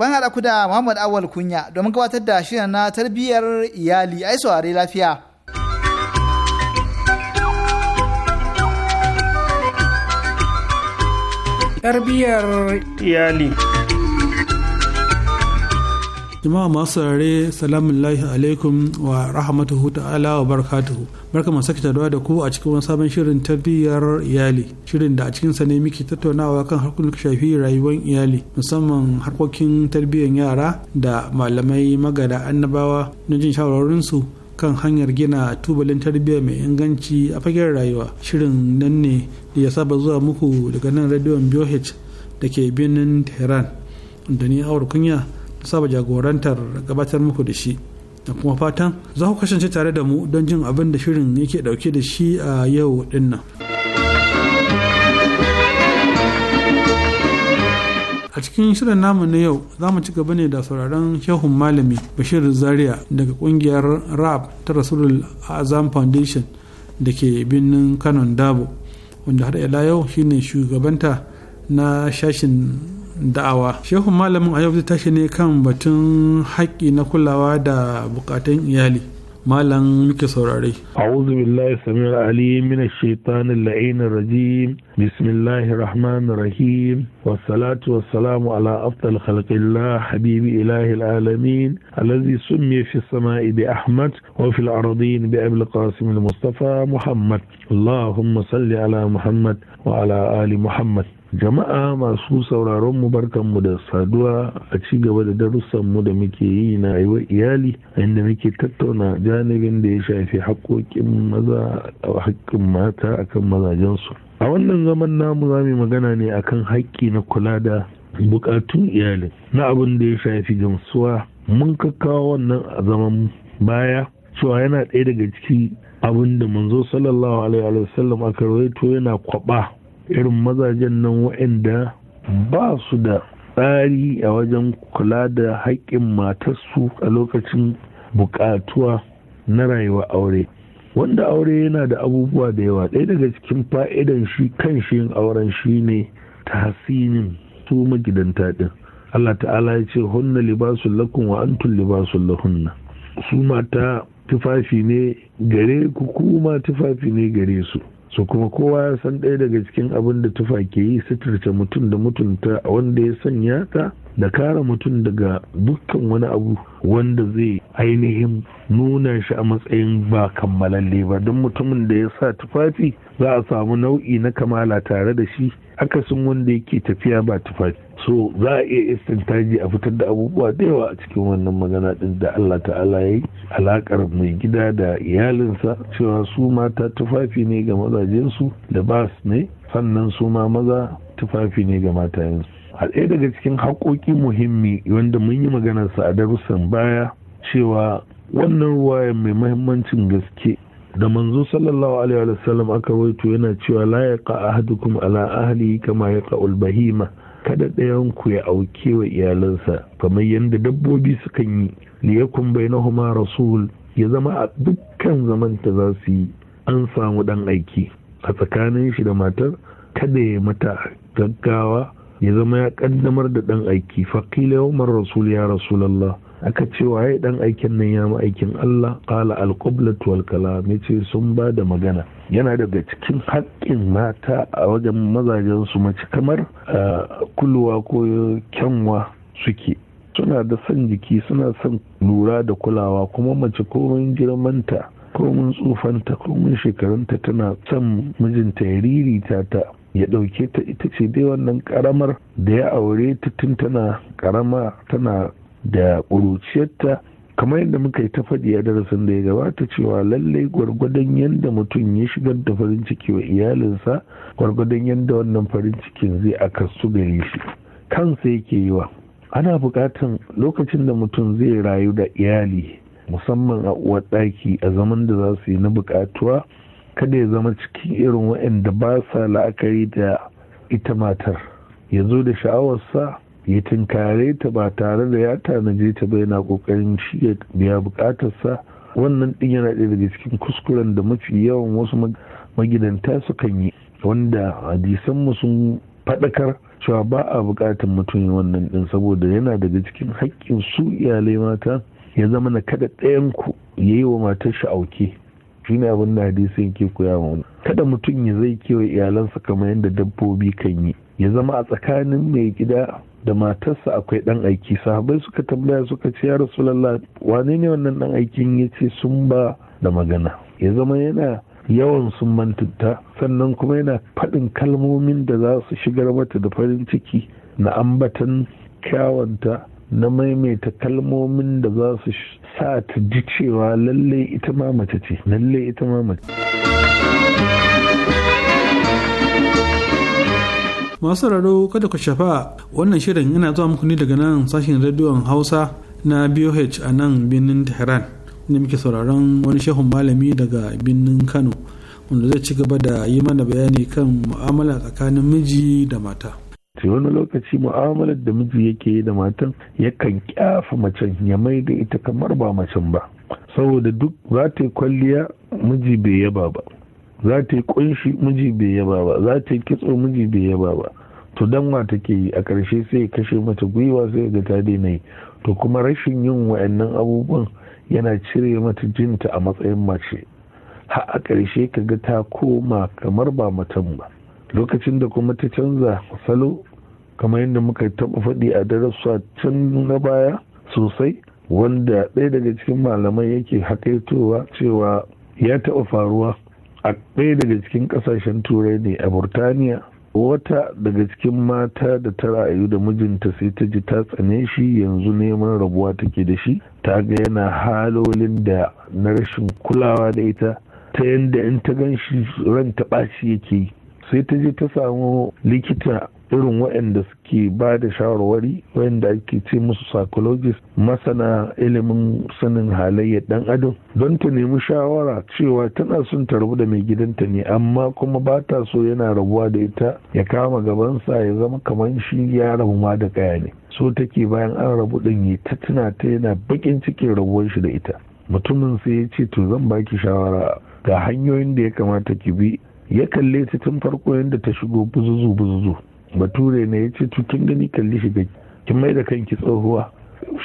Ban haɗa ku da Muhammad Awal Kunya domin gabatar da shirin na tarbiyyar iyali ai saurare lafiya. Tarbiyyar iyali. jama'a masu sarare salamun lahi alaikum wa rahmatuhu ta'ala wa barakatuhu barka masu sake da ku a cikin wani sabon shirin tarbiyyar iyali shirin da a cikin sa ne tattaunawa kan harkokin shafi rayuwar iyali musamman harkokin tarbiyyar yara da malamai magada annabawa na jin shawarwarin su kan hanyar gina tubalin tarbiyya mai inganci a fagen rayuwa shirin nan ne da ya saba zuwa muku daga nan radiyon bioh da ke birnin Tehran da ni Awar Kunya saba jagorantar gabatar muku da shi da kuma fatan za ku kasance tare da mu don jin abin da shirin yake dauke da shi a yau dinnan. a cikin shirin namu na yau za mu ci gaba ne da sauraron shehun malami bashir zaria daga kungiyar rap ta rasulul azam foundation da ke birnin kanon dabo wanda har ila yau shine shugabanta na shashin da'awa shehu malamin a yau zai tashi ne kan batun haƙƙi na kulawa da buƙatun iyali malam muke saurare a'udhu billahi samir ali min ash-shaytanir la'inir rajim bismillahir rahmanir rahim wassalatu wassalamu ala afdal khalqillah habibi ilahil alamin alladhi summi fi samai bi ahmad wa fil ardin bi abul qasim al-mustafa muhammad allahumma salli ala muhammad wa ala ali muhammad jama'a masu sauraron mu barkanmu da saduwa a ci gaba da darussan mu da muke yi na rayuwar iyali inda muke tattauna janibin da ya shafi haƙoƙin maza a haƙƙin mata akan mazajensu a wannan zaman namu za mu magana ne akan haƙƙi na kula da buƙatun iyali na abin da ya shafi gamsuwa mun kakkawa wannan a zaman baya cewa yana ɗaya daga cikin abin da manzo sallallahu alaihi wa sallam aka rawaito yana kwaba irin mazajen nan waɗanda ba su da tsari a wajen kula da haƙƙin matarsu a lokacin buƙatuwa na rayuwa aure wanda aure yana da abubuwa da yawa ɗaya daga cikin fa'idan shi kan shi yin auren shi ne hasinin su magidanta ɗin Allah ta'ala ya ce hunna libasun lakun wa antum libasun lahunna su mata tufafi ne gare ku kuma tufafi ne gare su su kuma kowa ya san ɗaya daga cikin abin da tufa ke yi suturta mutum da mutunta wanda ya sanya ta da kare mutum daga dukkan wani abu wanda zai ainihin nuna shi a matsayin ba kammalalle ba don mutumin da ya sa tufafi za a samu nau'i na kamala tare da shi akasin wanda yake tafiya ba tufafi so za a iya taji a fitar da abubuwa da yawa a cikin wannan magana din da Allah ta'ala ya yi alakar mai gida da iyalinsa cewa su mata tufafi ne ga mazajensu da bas ne sannan su ma maza tufafi ne ga matayensu a ɗaya daga cikin haƙoƙi muhimmi wanda mun yi maganarsa a darussan baya cewa wannan ruwayan mai mahimmancin gaske da manzo sallallahu alaihi wa sallam aka waito yana cewa la yaqa ahadukum ala ahli kama yaqa al bahima kada ɗayan ku ya auke wa iyalansa kamar yadda dabbobi sukan yi liyakun bainahuma rasul ya zama a dukkan zamanta za su yi an samu ɗan aiki a tsakanin shi da matar kada ya mata gaggawa ya zama ya ƙaddamar da ɗan aiki faƙila yawmar rasul ya rasulallah aka ce waye dan aikin nan ya aikin Allah qala al-qiblat wal kalam yace sun ba da magana yana daga cikin haƙƙin mata a wajen mazajen su mace kamar kulwa ko kyanwa suke suna da son jiki suna son lura da kulawa kuma mace komin girmanta komin tsufanta komin shekarunta tana son mijinta ya ririta ta ya dauke ta ita ce dai wannan karamar da ya aure ta tun tana karama tana da ƙuruciyarta kamar yadda muka yi ta faɗi a darasin da ya gabata cewa lallai gwargwadon yadda mutum ya shigar da farin ciki wa iyalinsa gwargwadon yadda wannan farin cikin zai kasu gare shi kansa yake yi wa ana buƙatan lokacin da mutum zai rayu da iyali musamman a uwar ɗaki a zaman da za su yi na buƙatuwa kada ya zama cikin irin waɗanda ba sa la'akari da ita matar ya zo da sha'awarsa ya tunkare ta ba tare da ya tanaje ta ba yana kokarin shi ya biya bukatarsa wannan din yana ɗaya daga cikin kuskuren da mafi yawan wasu magidanta su kan yi wanda hadisanmu sun faɗakar cewa ba a buƙatar mutum wannan din saboda yana daga cikin haƙƙin su iyalai mata ya zama na kada ɗayan ku ya yi wa matar shi auke shi ne abin da hadisan ke koya mana kada mutum ya zai kewa iyalansa kamar yadda dabbobi kan yi ya zama a tsakanin mai gida da matarsa akwai ɗan aiki sahabai suka tambaya suka ce ya rasulallah wane ne wannan ɗan aikin ya ce sun ba da magana ya zama yana yawan sun mantunta sannan kuma yana faɗin kalmomin da za su shigar mata da farin ciki na ambatan kyawanta na maimaita kalmomin da za su sa ta ji cewa lallai ita ma mace ce lallai ita ma mace masu sauraro kada ku shafa wannan shirin yana zuwa muku ne daga nan sashen rediyon hausa na boh a nan birnin tehran da muke sauraron wani shehun malami daga birnin kano wanda zai ci gaba da yi mana bayani kan mu'amala tsakanin miji da mata sai wani lokaci mu'amalar da miji yake yi da matan yakan kyafa macen ya mai da ita kamar ba macen ba saboda duk za ta yi kwalliya miji bai yaba ba za ta yi kunshi miji bai yaba ba za ta yi kitso miji bai yaba ba to dan wa take yi a karshe sai kashe mata gwiwa sai ga ta daina yi to kuma rashin yin wa'annan abubuwan yana cire mata jinta a matsayin mace har a karshe ka ga ta koma kamar ba mutum ba lokacin da kuma ta canza salo kamar yadda muka taɓa faɗi a darasa can na baya sosai wanda ɗaya daga cikin malamai yake hakaitowa cewa ya taɓa faruwa a ɗaya daga cikin ƙasashen turai ne a burtaniya wata daga cikin mata da ta rayu da mijinta sai ta ji ta tsane shi yanzu neman rabuwa take da shi ta ga yana halolin da na rashin kulawa da ita ta yanda in ta gan shi ran ta ɓaci yake yi sai ta je ta samu likita irin waɗanda suke ba da shawarwari waɗanda ake ce musu psychologist masana ilimin sanin halayyar ɗan adam don ta nemi shawara cewa tana son ta rabu da mai gidanta ne amma kuma ba ta so yana rabuwa da ita ya kama gabansa ya zama kamar shi ya rabu ma da kaya ne so take bayan an rabu ɗin ya ta tuna ta yana bakin cikin rabuwar shi da ita mutumin sai ya ce to zan baki shawara ga hanyoyin da ya kamata ki bi ya kalle ta tun farko yadda ta shigo buzuzu buzuzu bature ne ya ce tun gani kalli shi shiga kin mai da kanki tsohuwa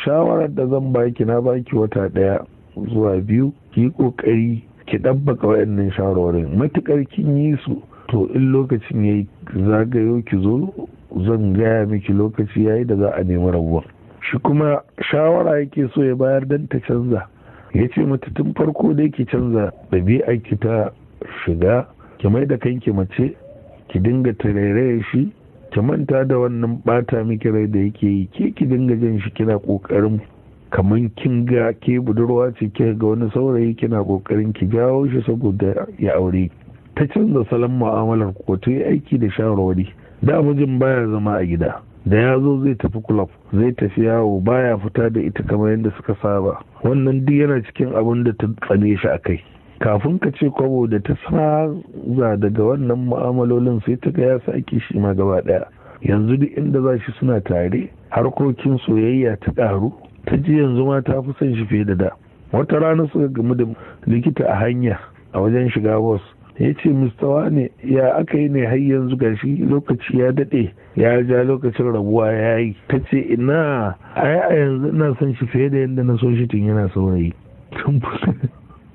shawarar da zan baki na baki wata daya zuwa biyu ki kokari ki ɗabbaka waɗannan shawarwarin matukar kin yi su to in lokacin yayi zagayo ki zo zan gaya miki lokaci yayi da za a nemi rabuwa shi kuma shawara yake so ya bayar dan ta canza ya ce mata tun farko dai ki canza ɗabi'ar ki ta shiga ki mai da kanki mace ki dinga tarairaya shi ki manta da wannan bata miki rai da yake yi ke ki dinga jin shi kina kokarin kaman kin ga ke budurwa ce kika ga wani saurayi kina kokarin ki jawo shi saboda ya aure ta canza salon mu'amalar ko ta yi aiki da shawarwari da mijin baya zama a gida da ya zo zai tafi club zai tafi yawo baya fita da ita kamar yadda suka saba wannan duk yana cikin abin da ta tsane shi a kai kafin ka ce kwabo da ta saza daga wannan mu'amalolin sai ta ga ya sake shi ma gaba daya yanzu duk inda za shi suna tare harkokin soyayya ta karu ta ji yanzu ma ta fi son shi fiye da da wata rana suka gamu da likita a hanya a wajen shiga bos ya ce mistawa ne ya aka yi ne har yanzu shi? lokaci ya daɗe ya ja lokacin rabuwa ya yi ta ce ina a yanzu ina son shi fiye da yadda na so shi tun yana saurayi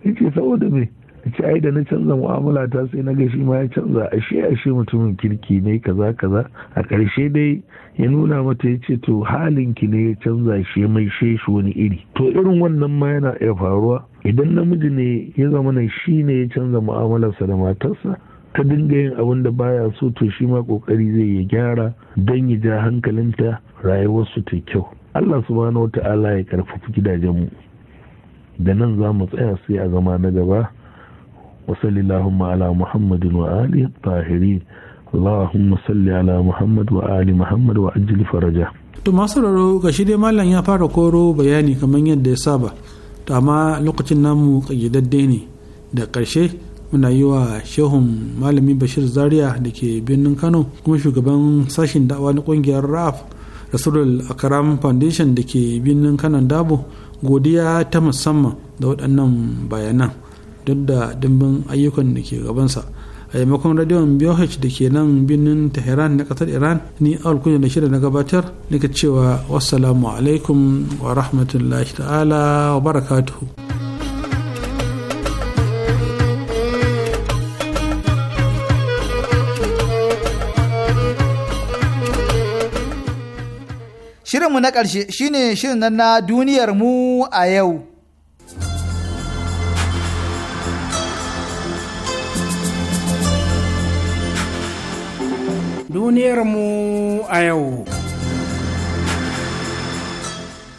yace saboda me ce ai da na canza mu'amala ta sai na ga shi ma ya canza ashe ashe mutumin kirki ne kaza kaza a ƙarshe dai ya nuna mata ya ce to halin ki ne ya canza shi mai sheshi wani iri to irin wannan ma yana iya faruwa idan namiji ne ya zama na shi ne ya canza mu'amalarsa da matarsa ta dinga yin abin da baya so to shi ma kokari zai ya gyara don ya ja hankalinta rayuwarsu ta kyau Allah subhanahu wa ta'ala ya karfafi gidajenmu da nan za mu tsaya sai a zama na gaba وصل wa ali tahiri وآله الطاهرين ala صل wa ali muhammadu wa وعجل faraja. to masu raro gashi dai malam ya fara koro bayani kamar yadda ya saba to amma lokacin namu kayyadadde ne da ƙarshe muna yi wa shehun malami bashir zaria da ke birnin kano kuma shugaban sashen da'awa na ƙungiyar raf rasulul akram foundation da ke birnin kano dabo godiya ta musamman da waɗannan bayanan duk da dimbin ayyukan da ke gabansa a yamakon radiyon BOH da ke nan birnin Tehran na ƙasar Iran ni alkunya da shida na gabatar nika cewa wassalamu alaikum wa rahmatullahi ta'ala wa barakatuhu. Shirinmu na ƙarshe shine shirin na duniyar mu a yau. Duniyar mu a yau.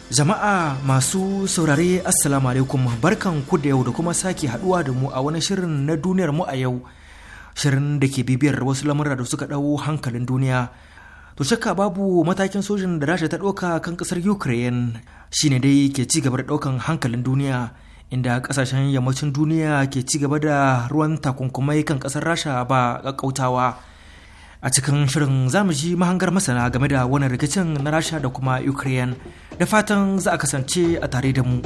Jama'a masu saurare Assalamu alaikum barkan ku da yau da kuma sake haduwa da mu a wani shirin na duniyar mu a yau. Shirin da ke bibiyar wasu lamurra da suka ɗau hankalin duniya. to shakka babu matakin sojin da rasha ta ɗauka kan ƙasar ukraine shine dai ke ci gaba da ɗaukan hankalin duniya inda ƙasashen yammacin duniya ke ci gaba da ruwan takunkumai kan ƙasar rasha ba ƙaƙƙautawa a cikin shirin zamu ji mahangar masana game da wani rikicin na rasha da kuma ukraine da fatan za a kasance a tare da mu.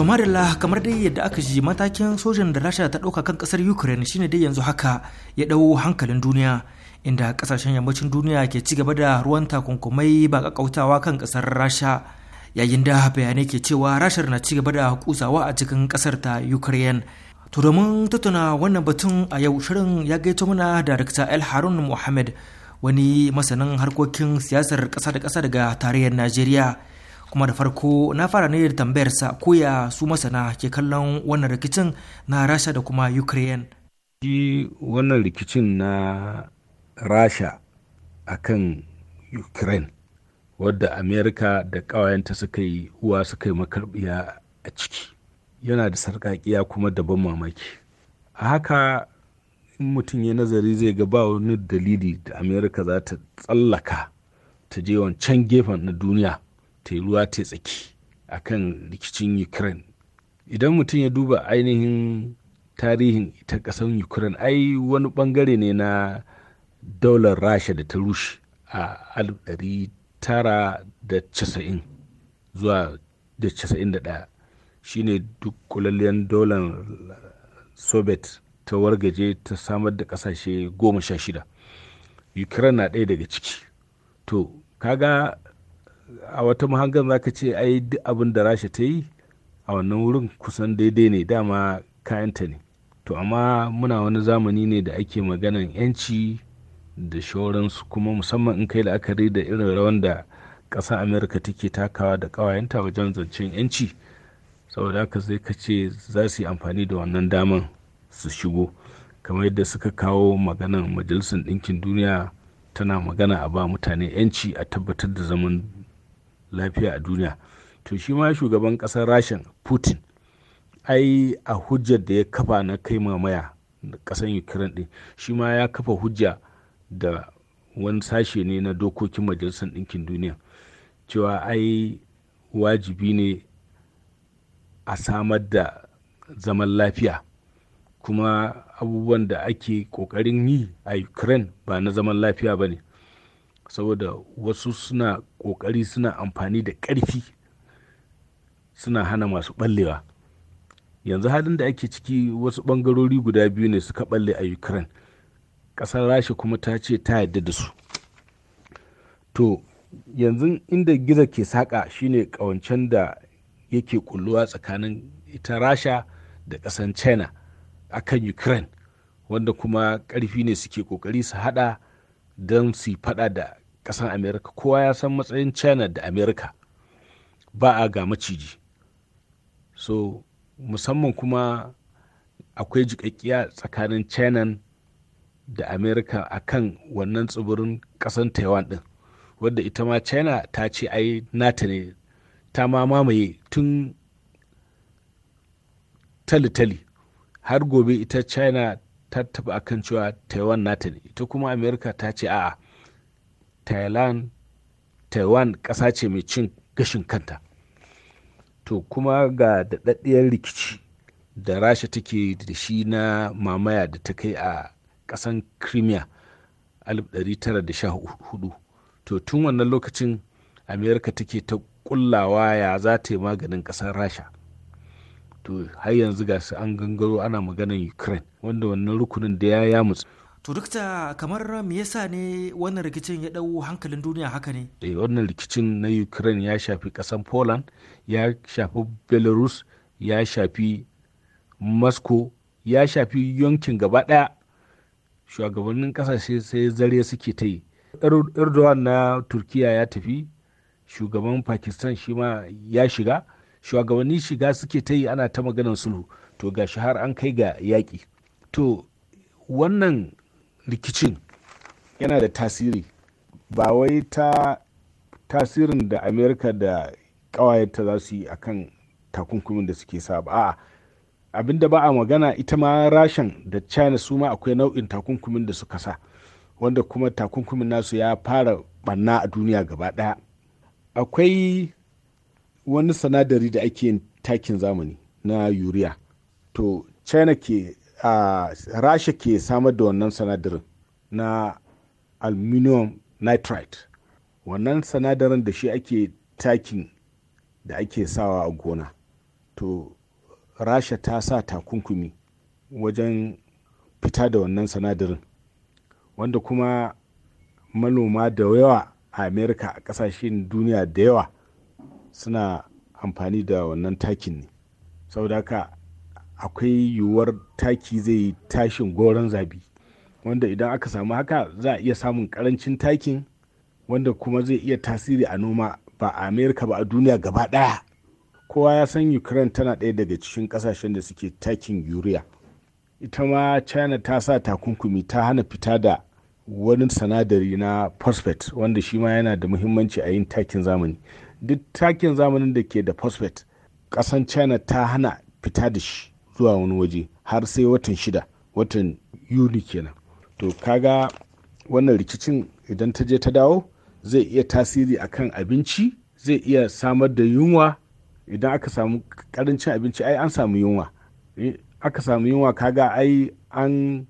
to marilla kamar dai yadda aka ji matakin sojan da rasha ta ɗauka kan ƙasar ukraine shine dai yanzu haka ya ɗau hankalin duniya inda ƙasashen yammacin duniya ke ci gaba da ruwan takunkumai ba ƙaƙautawa kan ƙasar rasha yayin da bayanai ke cewa rashar na ci gaba da kusawa a cikin ƙasar ta ukraine to domin tattauna wannan batun a yau shirin ya gaito mana darakta el harun muhammad wani masanin harkokin siyasar kasa da kasa daga tarayyar najeriya kuma da farko na fara ne da tambayarsa ko ya su masana ke kallon wannan rikicin na rasha da kuma ukraine shi wannan rikicin na rasha a kan ukraine wadda amerika da ƙawayenta suka yi uwa suka yi makarbiya a ciki yana da sarƙaƙiya kuma da ban mamaki a haka in mutum ya nazari zai ga ba wani dalili da amerika za ta tsallaka ta je wancan gefen na duniya ta yi ruwa ta tsaki a kan rikicin ukraine idan mutum ya duba ainihin tarihin ita ƙasar ukraine ai wani bangare ne na daular rasha da ta rushe a 1990 zuwa da 91 shine duk kulalliyar daular soviet ta wargaje ta samar da ƙasashe goma sha shida ukraine na ɗaya daga ciki to kaga a wata muhangar za ka ce ai duk abin da rasha ta yi a wannan wurin kusan daidai ne dama kayanta ne to amma muna wani zamani ne da ake maganan yanci da shauransu kuma musamman in kai la'akari da irin rawan da ƙasar amerika take takawa da ƙawayenta wajen zancen yanci saboda haka sai ka ce za su yi amfani da wannan daman su shigo kamar yadda suka kawo maganan majalisar ɗinkin duniya tana magana a ba mutane yanci a tabbatar da zaman lafiya a duniya to shi ma shugaban ƙasar rashin putin ai a hujjar da ya kafa na kai mamaya ƙasan ukraine din shi ma ya kafa hujja da wani sashe ne na dokokin majalisar ɗinkin duniya cewa ai wajibi ne a samar da zaman lafiya kuma abubuwan da ake ƙoƙarin yi a ukraine ba na zaman lafiya ba ne saboda wasu suna ƙoƙari suna amfani da ƙarfi suna hana masu ɓallewa yanzu halin da ake ciki wasu ɓangarori guda biyu ne suka ɓalle a ukraine ƙasar rasha kuma ta ce ta yarda da su to yanzu inda gizo ke saƙa shine ƙawancen da yake kulluwa tsakanin ita rasha da ƙasar china akan ukraine wanda kuma ƙarfi ne suke ƙoƙari su haɗa don su faɗa da ƙasar amerika kowa ya san matsayin china da amerika ba a ga maciji so musamman kuma akwai jikakkiya tsakanin china da amerika akan wannan tsibirin kasan taiwan ɗin wadda ita ma china ta ce ai nata ne ta mamaye tun tali-tali har gobe ita china ta tafi akan cewa taiwan nata ne ita kuma amerika ta ce a'a thailand taiwan ƙasa ce mai cin gashin kanta to kuma ga daɗaɗɗiyar rikici da rasha take da shi na mamaya da ta kai a ƙasan crimea 1914 to tun wannan lokacin amerika take ta kullawa ya za ta yi maganin ƙasar rasha to har yanzu ga su an gangaro ana maganin ukraine wanda wannan rukunin da ya yamutsa To dukta kamar me yasa ne wannan rikicin ya dau hankalin duniya haka ne? Eh, wannan rikicin na Ukraine ya shafi kasan Poland, ya shafi Belarus, ya shafi Moscow, ya shafi yankin gaba daya Shugabannin kasashe sai zare suke ta yi. Er, Erdogan na Turkiya ya tafi, shugaban Pakistan shi ma ya shiga, shugabanni shiga suke ta yi ana ta maganar sulhu, to gashi har an kai ga yaƙi. To wannan rikicin yana da tasiri ba wai ta tasirin da amerika da ƙawayenta za su yi a kan takunkumin da suke sa ba a abinda ba a magana ita ma rashin da china su ma akwai nau'in takunkumin da suka sa wanda kuma takunkumin nasu ya fara banna a duniya gaba daya akwai wani sanadari da ake yin takin zamani na yuriya to china ke rasha ke samar da wannan sanadarin na aluminium nitrite wannan sanadarin da shi ake takin da ake sawa a gona to rasha ta sa takunkumi wajen fita da wannan sanadarin wanda kuma manoma da yawa a amerika a kasashen duniya da yawa suna amfani da wannan takin ne saboda haka akwai yiwuwar taki zai tashin goron zabi wanda idan aka samu haka za a iya samun karancin takin wanda kuma zai iya tasiri a noma ba a amerika ba a duniya gaba daya kowa ya san ukraine tana ɗaya daga cikin ƙasashen da suke takin urea ita ma china ta sa takunkumi ta hana fita da wani sanadari na phosphate wanda shi ma yana da muhimmanci a yin takin zamani duk takin zamanin da ke da phosphate ƙasan china ta hana fita da shi zuwa wani waje har sai watan shida watan yuni kenan to kaga wannan rikicin idan ta je ta dawo zai iya tasiri a kan abinci zai iya samar da yunwa idan aka samu karancin abinci ai an samu yunwa eh, aka samu yunwa kaga ai an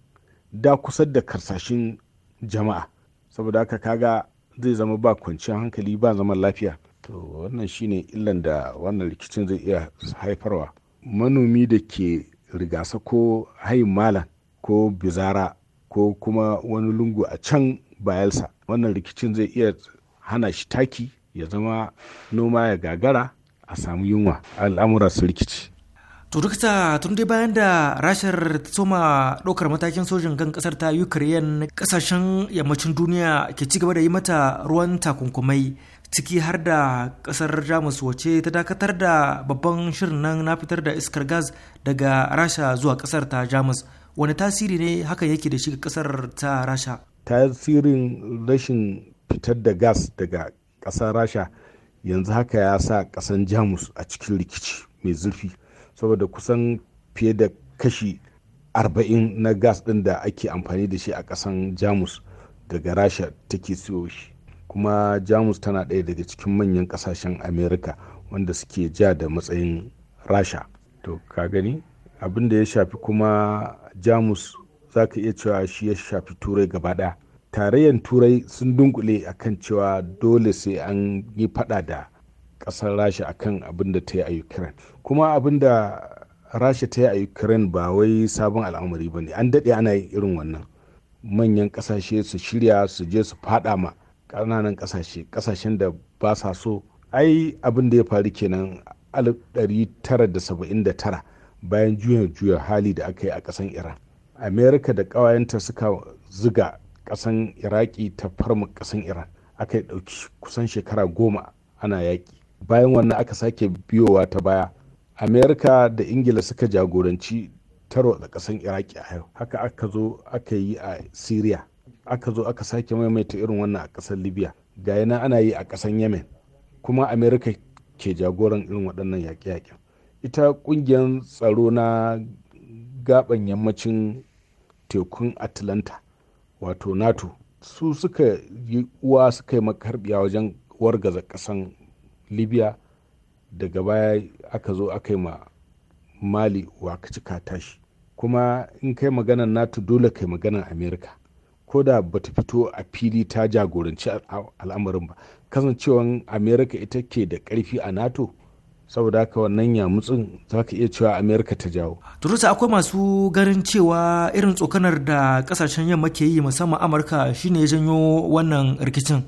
da kusa da karsashin jama'a saboda haka kaga zai zama ba kwanciyar hankali ba zaman lafiya to wannan shine illan da wannan rikicin zai iya haifarwa manomi da ke rigasa ko hayin malam ko bizara ko kuma wani lungu a can bayelsa wannan rikicin zai iya hana shi taki ya zama noma ya gagara a samu yunwa al'amura su rikici to tun dai bayan da rashar ta soma ɗaukar matakin sojin kan ƙasar ta ukraine ƙasashen yammacin duniya ke ci gaba da yi mata ruwan takunkumai ciki har da kasar jamus wace ta dakatar da babban shirin nan na fitar da iskar gas daga rasha zuwa kasar ta jamus wani tasiri ne haka yake da shi kasar ta rasha tasirin rashin fitar da gas daga kasar rasha yanzu haka ya sa kasan jamus a cikin rikici mai zurfi saboda kusan fiye da kashi 40 na gas din da ake amfani da shi a kasan jamus daga rasha take siyo shi kuma jamus tana ɗaya daga cikin manyan ƙasashen amerika wanda suke ja da matsayin rasha to ka gani abin da ya shafi kuma jamus za ka iya cewa shi ya shafi turai gaba ɗaya tarayyar turai sun dunkule akan cewa dole sai an yi fada da ƙasar rasha a kan abin da ta yi a ukraine kuma abin da rasha ta yi a ukraine ba wai sabon al'amari ba ne an daɗe ana yin irin wannan manyan ƙasashe su shirya su je su fada ma ƙananan ƙasashe ƙasashen da ba sa so ai abin da ya faru kenan 1979 bayan juya juya hali da aka yi a ƙasan iran amerika da ƙawayenta suka zuga ƙasan iraki ta farma ƙasan iran aka yi ɗauki kusan shekara goma ana yaƙi bayan wannan aka sake biyowa ta baya amerika da ingila suka jagoranci tarwatsa ƙasan iraki a yau haka aka zo aka yi a syria aka zo aka sake maimaita irin wannan a ƙasar libya ga yana ana yi a ƙasar yemen kuma amerika ke jagoran irin waɗannan yaƙe-yaƙen ita ƙungiyar tsaro na gaban yammacin tekun atlanta wato nato su suka yi uwa suka yi makarbiya wajen wargaza ƙasan libya daga baya aka zo aka yi ma mali wa ka tashi kuma in kai maganar nato dole kai maganar amerika ko da ba ta fito a fili ta jagoranci al'amarin ba kasancewan amerika ita ke da karfi a nato saboda haka wannan yamutsin za ka iya cewa amerika ta jawo turusa akwai masu ganin cewa irin tsokanar da kasashen yamma ke yi musamman amurka shine janyo wannan rikicin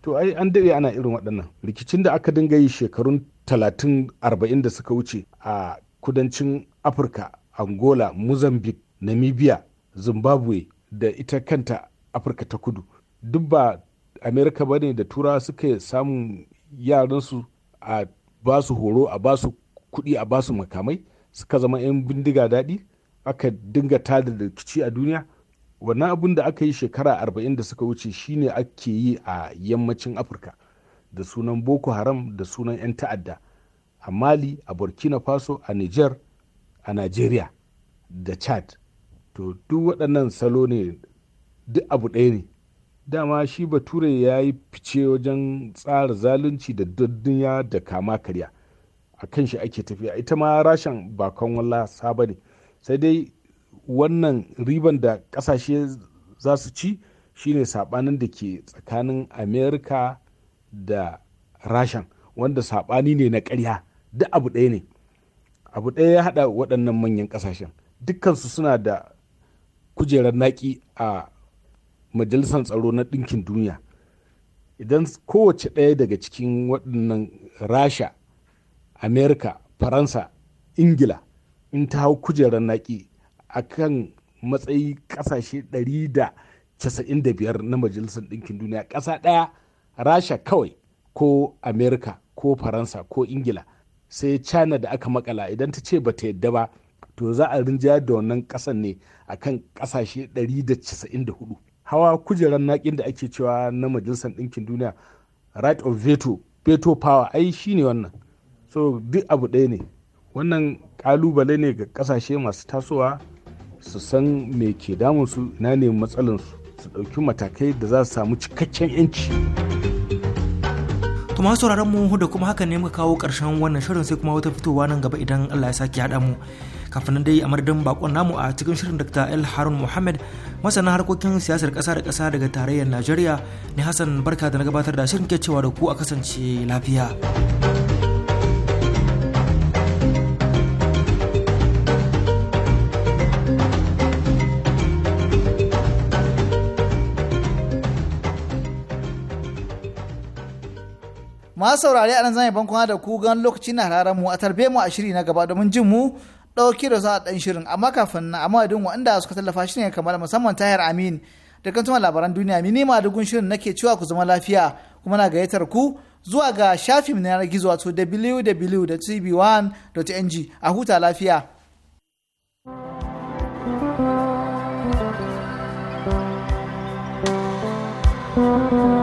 to ai an daɗe ana irin waɗannan rikicin da aka dinga yi shekarun talatin arba'in da suka wuce a kudancin afirka angola mozambique namibia zimbabwe da ita kanta afirka ta kudu duk ba amerika ba ne da turawa suka samu yaransu a basu horo a basu su kuɗi a basu makamai suka zama 'yan bindiga daɗi aka dinga tada da rikici a duniya wannan abun da aka yi shekara 40 da suka wuce shine ake yi a yammacin afirka da sunan boko haram da sunan 'yan ta'adda a mali a burkina faso a niger a nigeria da chad to duk waɗannan salo ne duk abu ɗaya ne dama shi bature ya yi fice wajen tsara zalunci da duniya da kama karya a kan shi ake tafiya ita ma rashin bakon walla saba ne sai dai wannan riban da ƙasashe za su ci shine saɓanin da ke tsakanin amerika da rashin wanda sabani ne na karya duk abu ɗaya ne abu ɗaya ya haɗa waɗannan manyan ƙasashen dukkansu suna da kujerar naki a majalisar tsaro na ɗinkin duniya idan kowace ɗaya daga cikin waɗannan rasha amerika faransa ingila in ta hau kujerar naki a kan matsayi ƙasashe 195 na majalisar ɗinkin duniya ƙasa ɗaya rasha kawai ko amerika ko faransa ko ingila sai china da aka makala idan ta ce ba ta yadda ba to za a rinjayar da wannan ƙasan ne a kan ƙasashe 194 hawa kujerar naƙin da ake cewa na majalisar ɗinkin duniya right of veto veto power ai shi ne wannan so duk abu ɗaya ne wannan ƙalubale ne ga ƙasashe masu tasowa su san me ke damunsu ina ne matsalinsu su ɗauki matakai da za su samu cikakken 'yanci. kuma sauraron mu da kuma haka ne muka kawo karshen wannan shirin sai kuma wata fitowa nan gaba idan Allah ya saki haɗa mu kafin dai a madadin bakon namu a cikin shirin Dr. El Harun Muhammad masana harkokin siyasar kasa da kasa daga tarayyar Najeriya ne Hassan barka da na gabatar da shirin ke cewa da ku a kasance lafiya. ma saurare a nan zan yi bankon da ku gan lokaci na hararen mu a tarbe mu a shiri na gaba domin jin mu ɗauki da za a ɗan shirin amma kafin na amma waɗanda wanda suka tallafa shi ne kamar musamman tahir amin da kan labaran duniya mini ma dugun shirin nake cewa ku zama lafiya kuma na gayyatar ku zuwa ga shafin na yanar gizo wato www.tv1.ng a huta lafiya. thank you